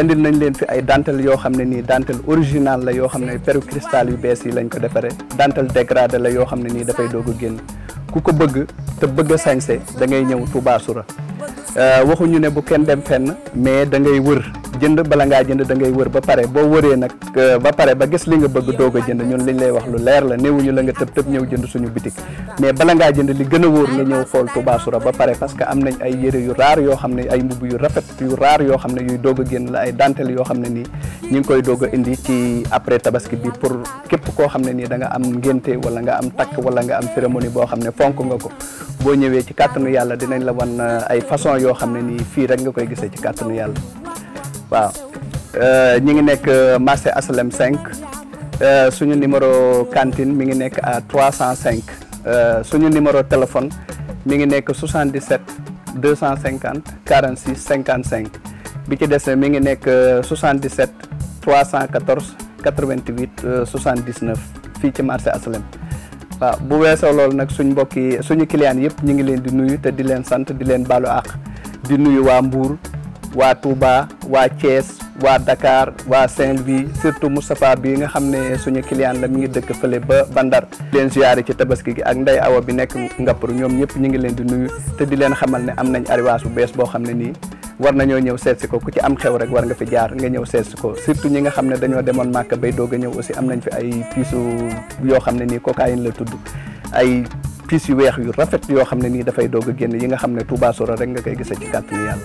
andil nañ leen fi ay dentelle yoo xam ne nii dentelle original la yoo xam ne peru cristal yu bees yi lañ ko defaree dentelle dégradé la yoo xam ne nii dafay doog a génn ku ko bëgg te bëgg sañse da ngay ñëw Touba Soura euh, waxuñu ne bu kenn dem fenn mais da ngay wër jënd bala nga jënd da ngay wër ba pare bo wëré nak ba pare ba gis li nga bëgg doog jënd ñun liñ lay wax lu leer la néewuñu la nga tepp tepp ñëw jënd suñu bitik mais bala nga jënd li gëna wër nga ñëw xol Touba Soura ba pare parce que am nañ ay yéré yu rar yo xamné ay yu rafet yu rar yo xamné yu yuy la ay dentelle yo xamné ni ñi ngi koy doog indi ci après tabaski bi pour képp ko xamné ni da nga am ngenté wala nga am tak wala nga am cérémonie bo xamné fonk nga ko bo ñëwé ci nu yalla dinañ la wan ay façon yo xamné ni fi rek nga koy ci nu yalla waaw eh, ñi ngi nekk euh, marché aslem 5 eh, suñu numéro cantine mi ngi nekk à 305 eh, suñu numéro téléphone mi ngi nekk 77 250 46 55 bi ci des mi ngi nekk 77 314 88 79 fii ci marché aslem waaw bu weesoo loolu nag suñ mbokki suñu client yëpp ñu ngi leen di nuyu te di leen sant di leen baalu àq di nuyu waa Mbour waa Touba waa Thiès waa Dakar waa Saint-Louis surtout Moustapha bi nga xam ne suñu client la mu ngi dëkk fële ba Bandar leen ziyaare ci tabaski gi ak Ndey Awa bi nekk nga Ngapour ñoom ñëpp ñu ngi leen di nuyu te di leen xamal ne am nañ arrivage bu bees boo xam ne nii war nañoo ñëw seet si ko ku ci am xew rek war nga fi jaar nga ñëw seet si ko surtout ñi nga xam ne dañoo demoon màkk bay doog a ñëw aussi am nañ fi ay piisu yoo xam ne nii cocaïne la tudd ay piis yu weex yu rafet yoo xam ne nii dafay doog génn yi nga xam ne Touba Soro rek nga koy gisee ci kàttanu yàlla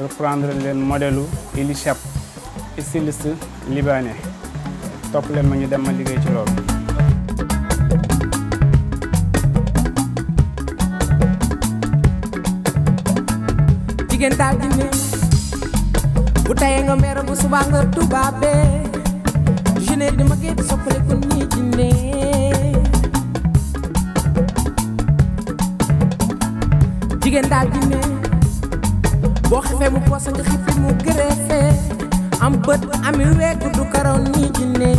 reprendre leen modèle Eli Chap styliste libanais topp leen ma ñu dem ma liggéey ci loolu. jigéen daal di bu tayee nga mer subaa nga tubaabe jeune di ma gën soppale ko ñii di jigéen daal di boo xefee mu poosa nga xifi mu gërëfee am bët ami weeku du karaw nii jinne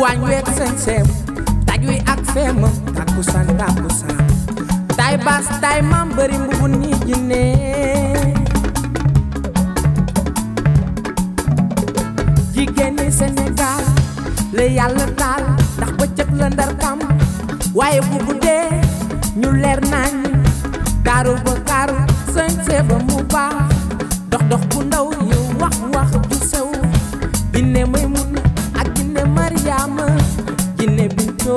waañ week seen seem taj wi ak feema tàkkusaan tàkkusaan tay baas tay maam bëri mbubu nii jinne ndax la ndar kam waaye bu ñu leer nañ kaaru ba kaaru sañse ba mu baax dox dox bu ndaw yi wax wax ju sew ginne Maymuna ak ginne Mariama ginne Binto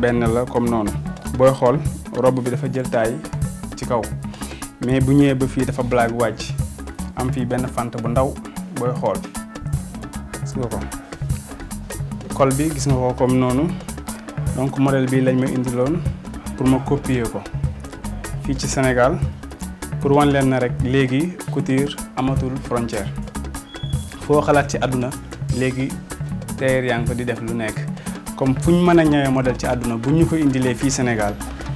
benn la comme noonu booy xool robe bi dafa jël taay ci kaw mais bu ñëwee ba fii dafa blague wàcc am fii benn fant bu ndaw booy xool gis nga ko col bi gis nga ko comme noonu donc model bi lañ ma pour ma copier ko fii ci Sénégal pour wan leen rek léegi couture amatul frontière foo xalaat ci àdduna léegi tailleur yaa ngi ko di def lu nekk comme fu ñu mën model ci aduna buñu ñu ko indilee fi Sénégal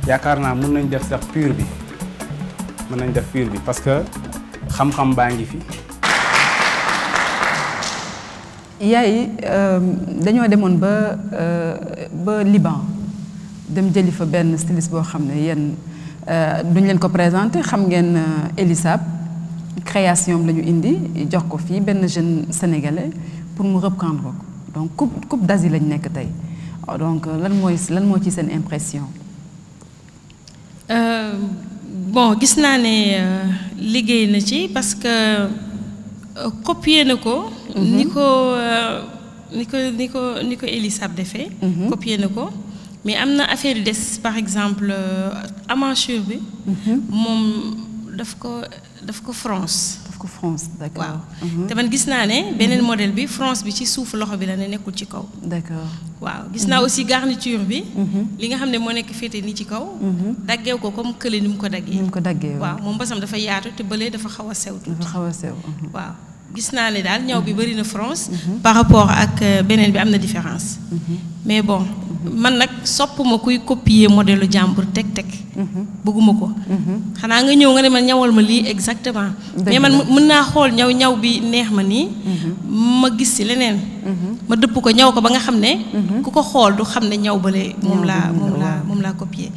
yakarna naa mën nañ def sax pur bi mën nañ def pur bi parce que xam-xam baangi fi fi. euh dañoo démon ba euh ba Liban dem jëli fa benn styliste bo xamné ne euh duñ leen ko présenter xam ngeen euh, Elisab création lañu indi jox ko fi ben jeune sénégalais pour mu reprendre ko donc coupe coupe d'Asie lañ nek tay Oh, donc euh, lan moy lan impression. Euh, bon gis ne euh, liggéey na ci parce que copier nako parce que niko niko copier mais amna affaire des par exemple à bi. Mm-hmm. daf ko France. France d'accord mhm. gis ben modèle bi France bi ci souf loxo bi la ne d'accord waaw gis na mhm. aussi garniture bi. Mhm. li nga xamné ne moo fété ni ci kaw. ko comme ni ko ko waaw moom basam dafa yaatu te beulé dafa xawa sew. dafa sew waaw. gis ne France. par rapport ak euh, beneen bi am différence. mais bon man nag soppuma ma kuy copier modèle jàmbur teg teg. bëgguma ko. xanaa nga ñëw nga ne ma ñawal ma lii exactement. mais man mën naa xool ñaw ñaw bi neex ma nii. ma gis ci leneen. ma dëpp ko ñaw ko ba nga xam ne. ku ko xool du xam ne ñaw bale moom laa moom laa moom laa copier.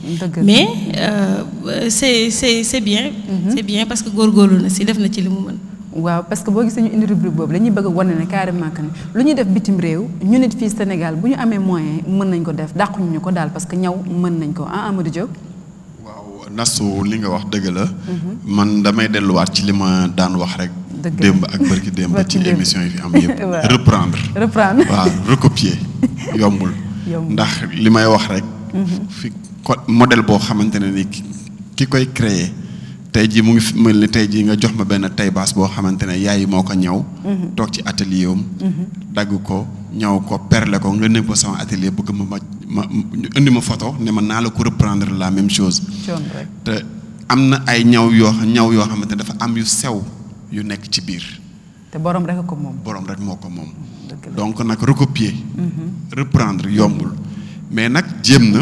mais euh, c'est c'est c'est bien. c'est bien parce que góorgóorlu na si def na ci li mu mën. waaw parce que boo gisee ñu indi rubrique boobu dañuy bëgg a wane ne carrément que ne lu ñuy def bitim réew ñu nit fii Sénégal bu ñu amee moyen mën nañ ko def dàquñu ñu ko daal parce que ñaw mën nañ ko ah Amadou Diop waaw nasu li nga wax dëgg la mhm. man damay delluwaat ci li ma daan wax rek démb ak barki démb ci émission yi fi am yëpp reprendre reprendre waaw recopier yombul ndax li may wax rek mhm. fi modèle boo xamante ne ni ki koy créer tey jii mu ngi mel ni tey jii nga jox ma benn tay boo xamante ne yaay moo ko ñaw. Mm-hmm. toog ci atelier am. Mm-hmm. dagg ko ñaw ko perle ko nga ne ko sama atelier bëgg ma ma ma indi ma photo ne ma naa la ko reprendre la même chose. te am na ay ñaw yoo ñaw yoo xamante ne dafa am yu sew yu nekk ci biir. te borom rek ko moom. rek moo ko moom. donc nag recopier. Mm-hmm. reprendre yombul mais nag jéem na.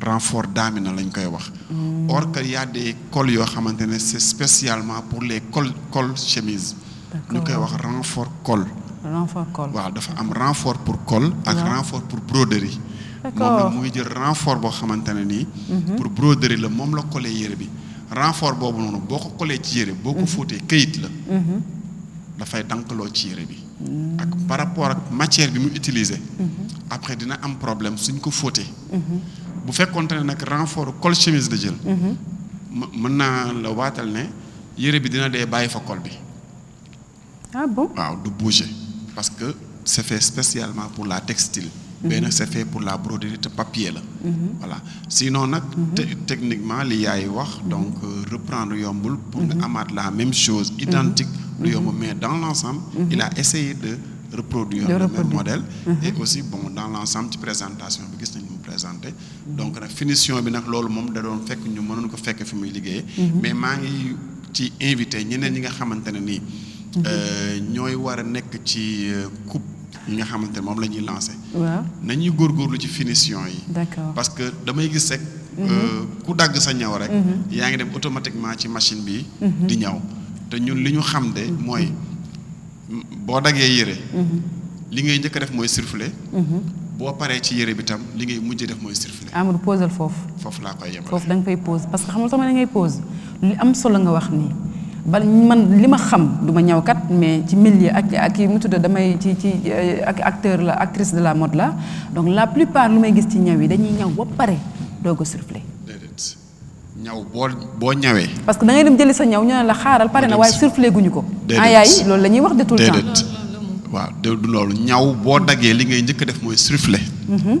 renfort d'amine lañ koy wax. Mm. or que y a des cols yoo xamante c'est spécialement pour les cols cols chemise. ñu koy wax renfort col. renfort col Voilà, dafa am renfort pour col. ak renfort pour broderie. moom la mu ngi jël renfort boo xamante ni. Mm-hmm. pour broderie la moom la coller yére bi renfort boobu noonu boo ko collé ci yére boo ko mm-hmm. fóotee këyit la. Mm-hmm. dafay dankaloo ci yére bi. Mm. ak par rapport ak matière bi mu utiliser après dina am problème suñ ko fóotee bu fekkonte ne nag renfort col chemise la jël. Mhm. mën naa la waatal ne yére bi dina dee bàyyi fa col bi. ah bon waaw du bouger parce que c'est fait spécialement pour la textile. Mhm. Ben, c'est fait pour la broderie de papier la. Mhm. voilà sinon nag. techniquement li yaay wax donc euh, reprendre yombul. pour nga la même chose. identique du yomb mais dans l'ensemble. il a essayé de reproduire le même modèle. et aussi bon dans l'ensemble ci présentation bi gis nañ mu présenté donc la finition bi nak lolu mom da doon fekk ñu ko fekk fi muy mhm. mais ma ngi ci invité ñeneen ñi nga xamantene ni mhm. euh ñoy euh, coupe nga xamantene mom lañuy la que ci finition yi. d'accord parce que damay gis rek. Mhm. Euh, ku dagg sa ñaw rek. yaa ngi dem automatiquement ci machine bi. di ñaw te ñun li xam de mooy boo daggee yére. li ngay boo paree ci yére bi tam li ngay mujj def mooy circulé. amul posal foofu. foofu laa koy yemal foofu da nga fay pose parce que xamul sama da ngay pose li am solo nga wax nii bal man li ma xam du ma ñaw kat mais ci milieu ak ak yi mu tudd damay ci ci eh, ak acteur la actrice de la mode la donc la plupart lu may gis ci ñaw yi dañuy ñaw ba pare doog a circulé. déedéet ñaw boo boo ñawee. parce que da ngay dem jëli sa ñaw ñu ne la xaaral pare na waaye circulé guñu ko. déedéet ah yaay loolu la ñuy wax de tout le temps. waaw de du loolu ñaw boo daggee li ngay njëkk def mooy surfler. Mm-hmm.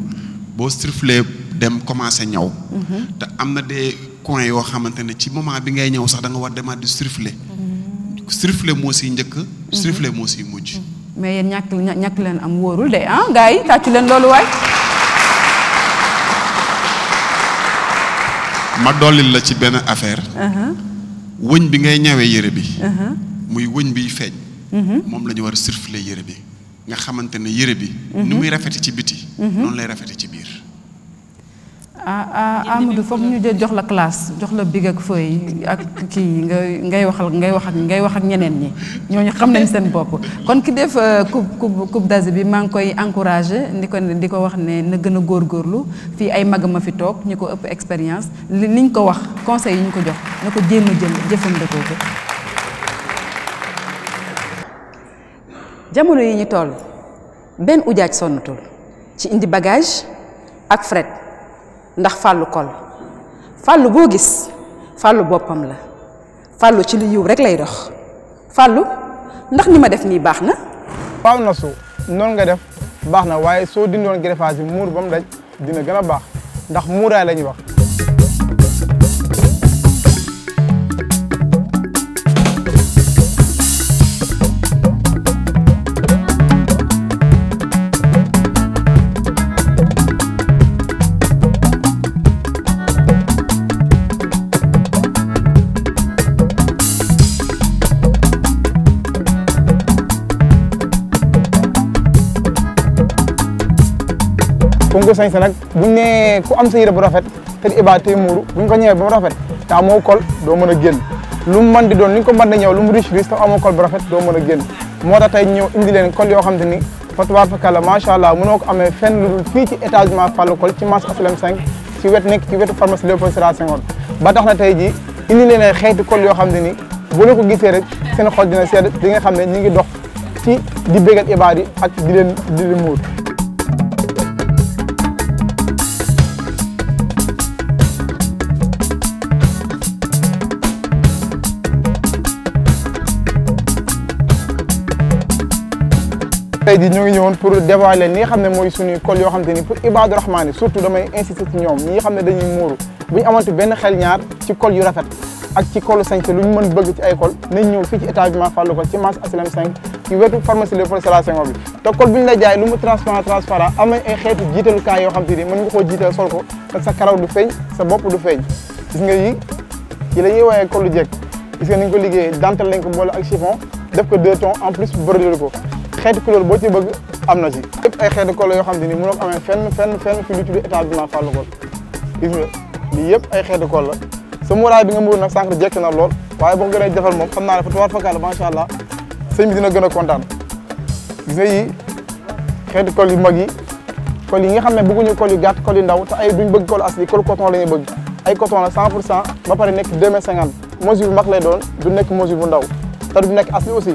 boo surfler dem commencé ñaw. Mm-hmm. te am na des coins yoo xamante ne ci moment bi ngay ñëw sax da nga war demaat di surfler. Mm-hmm. surfler moo siy njëkk. surfler moo siy mujj. mais yéen ñàkk leen am wóorul de ah gars yi tàcc leen loolu waay. ma dollil la ci benn affaire. Uh-huh. wëñ bi ngay ñawee yére bi. Uh-huh. muy wëñ biy feeñ. Mm-hmm. moom la ñu war a surfler yére bi nga xamante ne yére bi. Mm-hmm. ni muy rafet ci biti. Mm-hmm. noonu lay rafete ci biir. ah, ah Amadou foog ñu jox la classe jox la big ak feuille ak kii nga ngay waxal ngay wax ak ngay wax ak ñeneen ñi ñooñu xam nañ seen bopp. kon ki def euh, coupe coupe coupe bi maa ngi koy encouragé di ko di ko wax ne na gën a góor góorgóorlu fii ay mag ma fi toog ñu ko ëpp expérience li ñu ko wax conseil yi ñu ko jox na ko jéem a jël jëfandikoo ko. jamono yi ñu toll benn ujaaj sonnatul ci indi bagage ak fret ndax fàllu kol fàllu boo gis fàllu boppam la fàllu ci lu yiw rek lay dox fàllu ndax li ma def nii baax na waaw na su noonu nga def baax na waaye soo dindoon greffage bi muur ba mu daj dina gën a baax ndax muuraay lañuy wax concours sañse nag buñ ne ku am sa bu rafet te di ibaat tey muuru buñ ko ñëwee ba mu rafet te amoo col doo mën a génn lu mu mën di doon ni nga ko mën di ñëw lu mu riche riche te amoo col bu rafet doo mën a génn moo tax tey ñëw indi leen col yoo xam te ni fatuwaa fakalla macha allah mënoo ko amee fenn lu dul fii ci établissement Fallou Col ci marché HLM 5 ci wet nekk ci wetu pharmacie Léopold Sédar Senghor ba tax na tey ji indi e ay xeeti col yoo xam te ni bu la ko gisee rek seen xol dina sedd di nga xam ne ñu ngi dox ci di bégal ibaat yi ak di leen di leen tey di ñu ngi ñëwoon pour dévoiler li nga xam ne mooy suñuy col yoo xam te ni pour Ibadou Rahmane surtout damay insister ci ñoom ñi nga xam ne dañuy muuru buñ ñu amante benn xel ñaar ci col yu rafet ak ci colu sañse lu ñu mën bëgg ci ay col nañ ñëw fii ci établissement Fallou Col ci marché HLM 5 ci wetu pharmacie le professeur Senghor bi te col bi ñu la jaay lu mu transparent transparent am ay xeetu jiitalukaay yoo xam te ni mën nga koo jiital sol ko te sa karaw du feeñ sa bopp du feeñ gis nga yi yi la ñuy woowee colu jekk gis nga ni ñu ko liggéeyee dantal lañ ko boole ak chiffon def ko deux tons en plus broderie ko xeeti couleur boo ci bëgg am na si lépp ay xeeti couleur yoo xam te ni mënoo ko amee fenn fenn fenn fi lu tudd établissement Fallou Coll gis nga lii yëpp ay xeeti couleur la sa muuraay bi nga muur nag sànq jekk na lool waaye boo ko defal moom xam naa ne fa tuwaar fakkaal macha allah dina gën kontaan gis nga yi xeeti col yu yi col nga xam ne bëgguñu col gàtt col yu ndaw te ay duñ bëgg col asli col coton la ñuy pour cent ba pare nekk 2 mètres 50 mesure lay doon du nekk mesure bu ndaw te du nekk asli aussi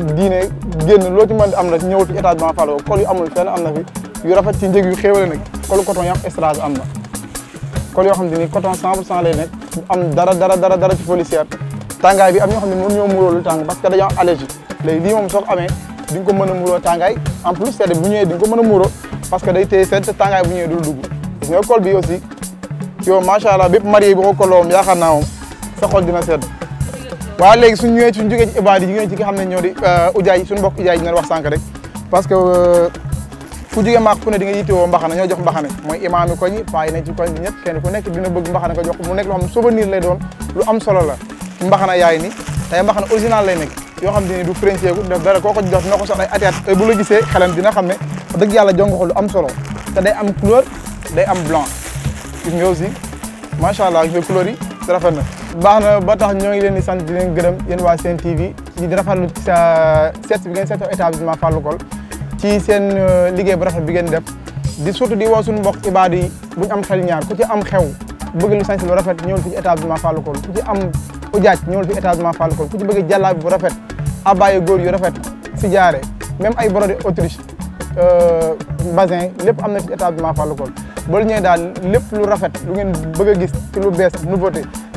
diine génn lo ci man am na ñëw ci établissement Fallou col yu amul fenn am na fi yu rafet ci ndeg yu xéewale nag col coton yam estrage am na col yoo xamni ni coton 100 lay nek am dara dara dara dara ci policier tangay bi am ñoo xamni mom ñoo mu rolu tàng parce que dañoo allergie lay lii mom sox amé di nga ko mëna a muróo tàngaay en plus c'est bu ñewé di nga ko mën a parce que day téye sedd tangay bu ñewé dul dugg ñoo kol bi aussi yo machallah bép marié bu ko lom yaakaar naa sa xol dina sedd waaw léegi suñ ñëwee suñ jógee ci ibaad yi ñu ñëwee ci nga xam ne ñoo di ujaay euh, suñu bokk ujaay yi ñu wax sànq rek parce que fu euh, jógee maak ku ne di nga yittewoo mbaxana ñoo jox mbaxane mooy imaam yi koñ yi paa yi ne ci koñ ñëpp ko solo la mbaxana yaay ni tey mbaxana original lay nekk yoo xam ne du frenchieku def dara koo ko jox dina ko sax ay ati at bu la gisee xelam dina xam ne dëgg yàlla jonga ko lu am solo te day am couleur day am blanc gis nga macha allah gis nga couleur yi rafet na baax na ba tax ñoo ngi leen di sant di leen gërëm yéen waa Sen TV di rafetlu sa seet bi ngeen seetoo établissement Fallou Coll ci seen euh, liggéey bu rafet bi ngeen def di surtout di woo suñu mbokk ibaadu yi bu am xel ñaar ku ci am xew bëgg lu sañse lu rafet ñëwul fi ci établissement Fallou Coll ku ci am ujaaj ñëwul fi établissement Fallou Coll ku ci bëgg jàllaabi bu rafet abaayu góor yu rafet si jaare même ay brodé autriche euh, bazin lépp am na fi établissement Fallou Coll boolu ñëwee daal lépp lu rafet lu ngeen bëgg a gis ci lu bees nouveauté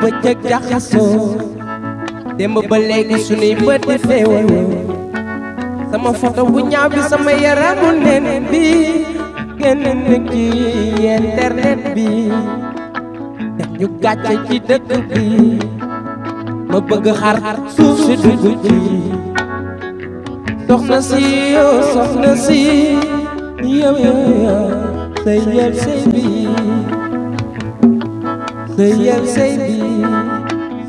bëccëg jaxasoo démb ba léegi sunuy bët di sama foto bu ñaaw bi sama yaramu nen bi génn na ci internet bi def ñu gàcce ci dëkk bi ma bëgg xar suuf si dugg ci soxna si yoo oh, soxna si yow yow yow bi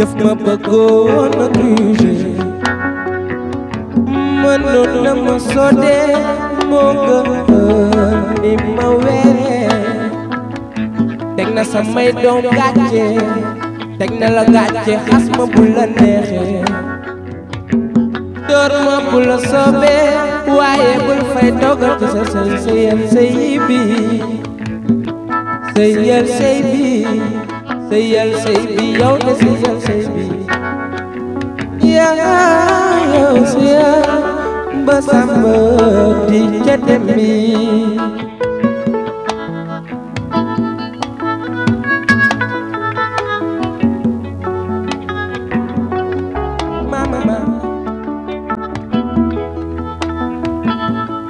def ma bëggoon a tuuti mënoon na ma sodee moo gën ni ma weeree teg na samay doom gàcce teg na la gàcce xas ma bu la door ma bu la soobee waaye bul fay dogal ci sa sëy sëyal sëy bi sëyal sëy bi Seyal seybi yaw na seyal seybi Ya yaw siya Basamba di jademi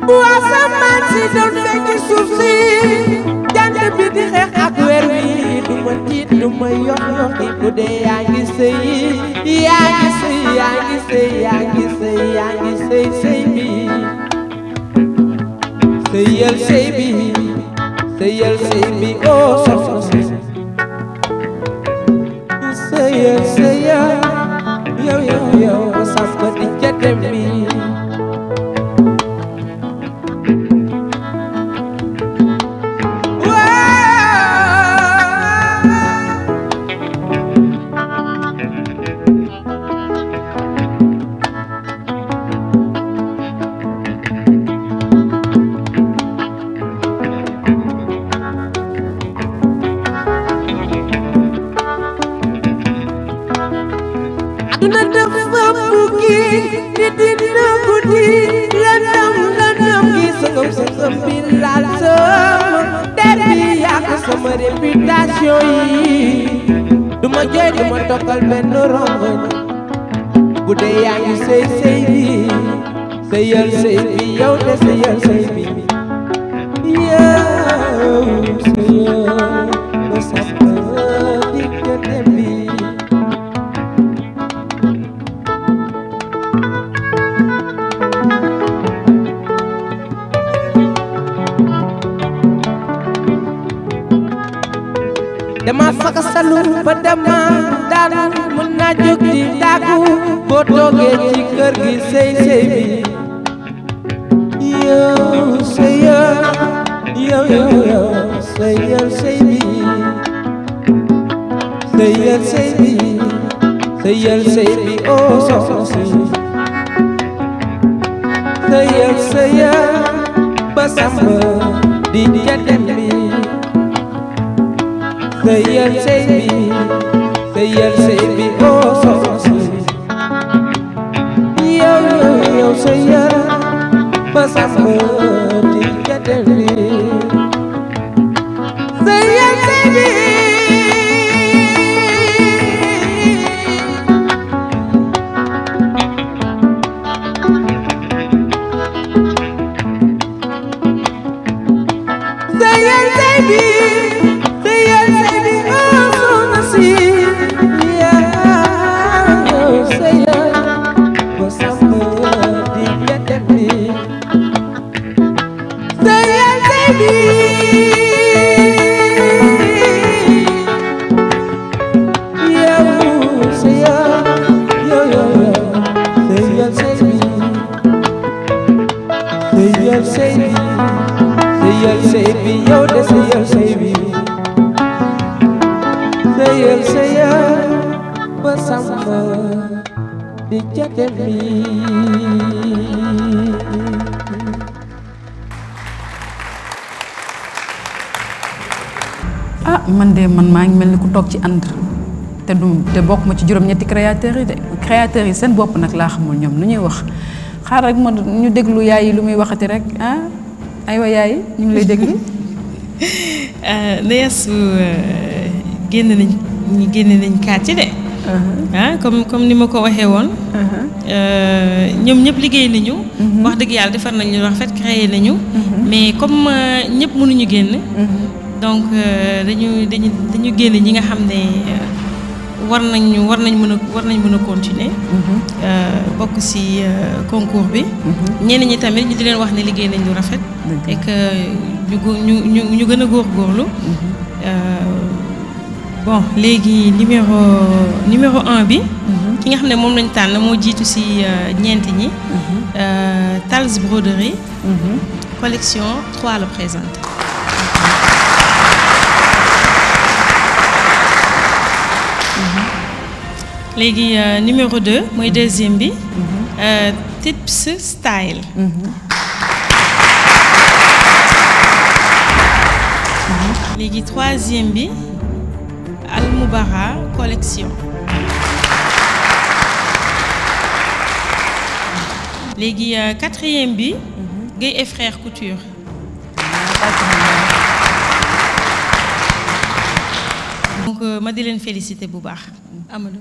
Buasa man si don feki susi ma yox yoxi bu dee yaa ngi sëy say, ngi sëy yaa ngi sëy yaa say sëy say ngi sëy sëy bi sëyal sëy bi sëyal sëy युक्ति टाकू फोटो के जिक्र की सही सही भी यो सही यो यो यो सही सही भी सही सही भी सही सही भी ओ सोसी सही सही बस हम डी डी एम बी Say yes, say me, say yes, say me, oh. seyya ba samba bokkuma ci juróom-ñetti créateurs yi de créateurs yi seen bopp nag laa xamul ñoom nu ñuy wax xaar ma ñu déglu yaay yi lu muy waxati rek ah aywa yaay ñu ngi lay déglu. Euh, Nayasu euh, génn nañ ñu génn nañ kàcce de. Uh-huh. ah comme comme ni ma ko waxee woon. Uh-huh. Euh, ñoom ñëpp liggéey nañu. Uh-huh. wax dëgg yàlla defar nañ lu rafet créé nañu. mais comme ñëpp mënuñu génn. donc dañu dañu dañu génn ñi nga xam ne. war nañ war nañ mën a war nañ mën a continuer. Mhm. Euh, bokk ci euh, concours bi. Mhm. ñenn ñi tamit ñu di leen wax ne liggéey nañ lu rafet. et que ñu ñu ñu ñu gën a góorgóorlu. Mhm. Euh, bon léegi numéro numéro 1 bi. ki nga xam ne moom lañ tànn moo jiitu ci ñeent ñi. Tals broderie. collection 3 la présente. Le euh, numéro 2 mooy mhm. deuxième bi. Mhm. Euh, tips style. Mhm. Le troisième bi Mubara collection. Le euh, quatrième bi. gay et frère couture. donc Madeleine, félicitez-vous félicité bu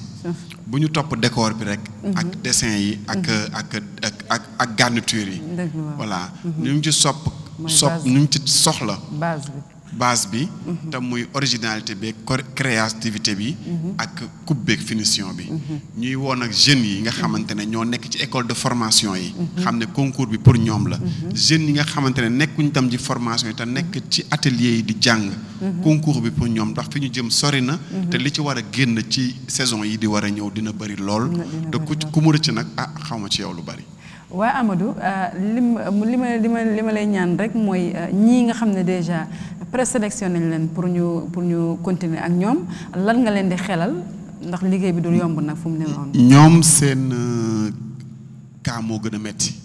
bu ñu topp décor bi rek. Mhm. ak dessin yi mhm. ak ak ak ak garniture yi. voilà mhm. ñu ci sopp sopp ñu ci soxla. base base bi. te muy originalité beeg créativité bi. ak coupe beeg bi. ñuy woon ak jeunes yi nga xamante ne ñoo nekk ci école de formation yi. xam ne concours bi pour ñoom la. jeunes yi nga xamante ne nekkuñ tam ci formation yi te nekk ci atelier yi di jàng. concours bi pour ñoom ndax fi ñu jëm sori na. te li ci war a génn ci saison yi di war a ñëw dina bëri lool. te ku ku mu rëcc nag ah xawma ci yow lu bëri. waaw Amadou euh, lim li ma lay ñaan rek mooy euh, ñii nga présélectionné nañ leen pour ñu pour ñu continuer ak ñoom lan nga leen di xelal ndax liggéey bi dul yomb nag fu mu ne noonu. ñoom seen kaamoo euh, gën a metti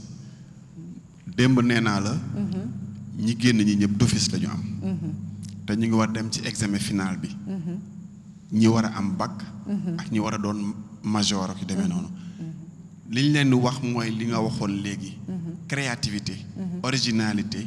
démb nee naa la. Mhm. ñi génn ñi ñëpp d'office la ñu am. Mhm. te ñu ngi war dem ci examen final bi. Mhm. ñi war a am bac. ak ñi war a doon major ak yu demee noonu. li ñu leen di wax mooy li nga waxoon léegi. créativité. originalité.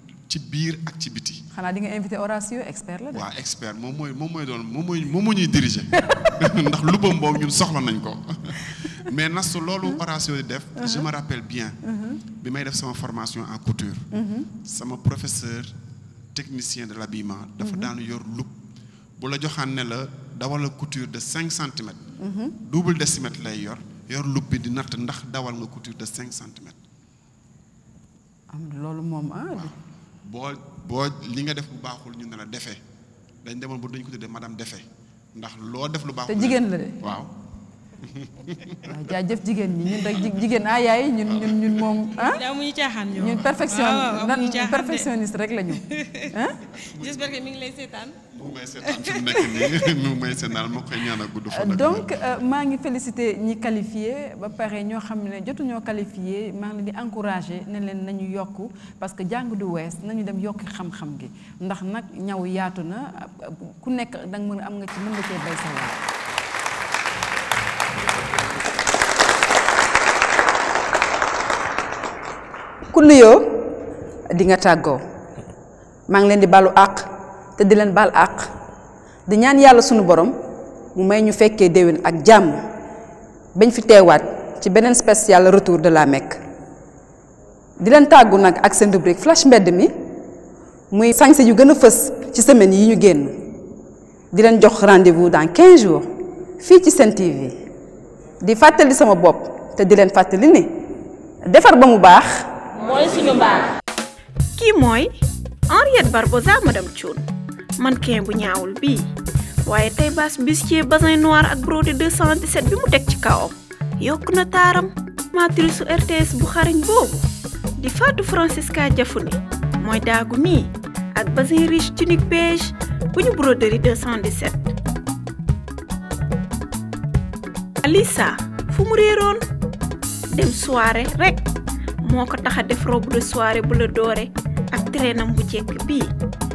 ci biir ak ci biti. xanaa di nga invité Horacio expert la de. waaw expert moom mooy moom mooy doon moom mooy moom moo ñuy diriger ndax lu bam boobu ñun soxla nañ ko mais nastu loolu Horacio di def. Uh-huh. je me rappelle bien. Uh-huh. bi may def sama formation en couture. Uh-huh. sama professeur technicien de l'habillement dafa daan yor loupe bu la joxaan ne la dawal la couture de cinq centimètres. double décimètre lay yor yor loupe bi di natt ndax dawal nga couture de cinq centimètres. am loolu moom ah. boo boo li nga def bu baaxul ñun ne la defe dañ demoon bu dañ ko tuddee madame defe ndax loo def lu baaxul. te jigéen la de waaw. waaw jaajëf jigéen ñi ñun rek jigéen ah yaay ñun ñun moom. ah amuñu caaxaan ñoom ñun perfection nan perfectionniste rek la ñu. Ah? j'espère que mi ngi lay seetaan. mu may seetaan fi ma koy ñaan gudd fan. donc maa ngi félicité ñi qualifié ba pare ñoo xam ne jotuñoo ñoo maa ngi leen di encouragé ne leen nañu yokk parce que jàng du wees nañu dem yokk xam-xam gi ndax nag ñaw yaatu na ku nekk danga mën am nga ci mën nga cee bay sa waar ku nuyoo di tàggoo maa ngi leen di balu àq te di leen baal àq di ñaan yàlla suñu borom mu may ñu fekkee déwin ak jàmm bañ fi teewaat ci beneen spécial retour de la Mecque di leen tàggu nag ak seen rubrique flash mbedd mi muy sañse yu gën a fës ci semaine yi ñu génn di leen jox rendez-vous dans 15 jours fii ci seen TV di fàttali sama bopp te di leen fàttali ni defar ba mu baax. mooy suñu baax. kii mooy Henriette Barbosa madame Thioune. mannequin bu ñaawul bi tay bas bis ci basin noir ak brodé 217 bi mu tek ci kawam yokk na taaram matrice RTS bu xariñ di Fatou Francisca Diafouné moy dagu mi ak basin riche tunique beige bu ñu brodé 217 Alissa fu mu reeron dem soirée rek moko taxa def robe de soirée bu le doré ak trainam bu jekk bi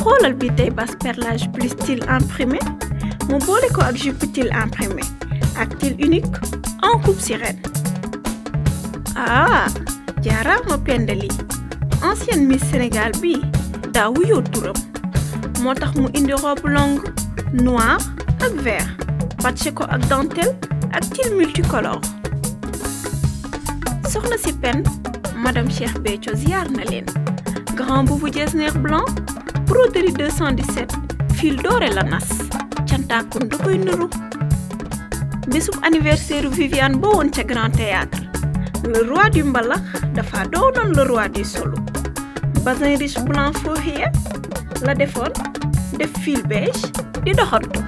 Pour bi bas basse perlage plus style imprimé Mon boole ko style imprimé ak unique en coupe sirène. ah jaaraama Mopendeli, ancienne Miss Sénégal bi daa wuyoo turam moo robe longue noire et vert patché avec dentelle ak multicolore Sur la pen madame Cheikh choisit ziar grand grand boubou blanc. broderie 217 fil doore la nas cantaakun da koy nuru bésub anniversaire Viviane ba woon ca Grand Théâtre le roi du mbalax dafa doonoon le roi du solo bazin riche blanc fauxia la defoon def fil beige di doxantu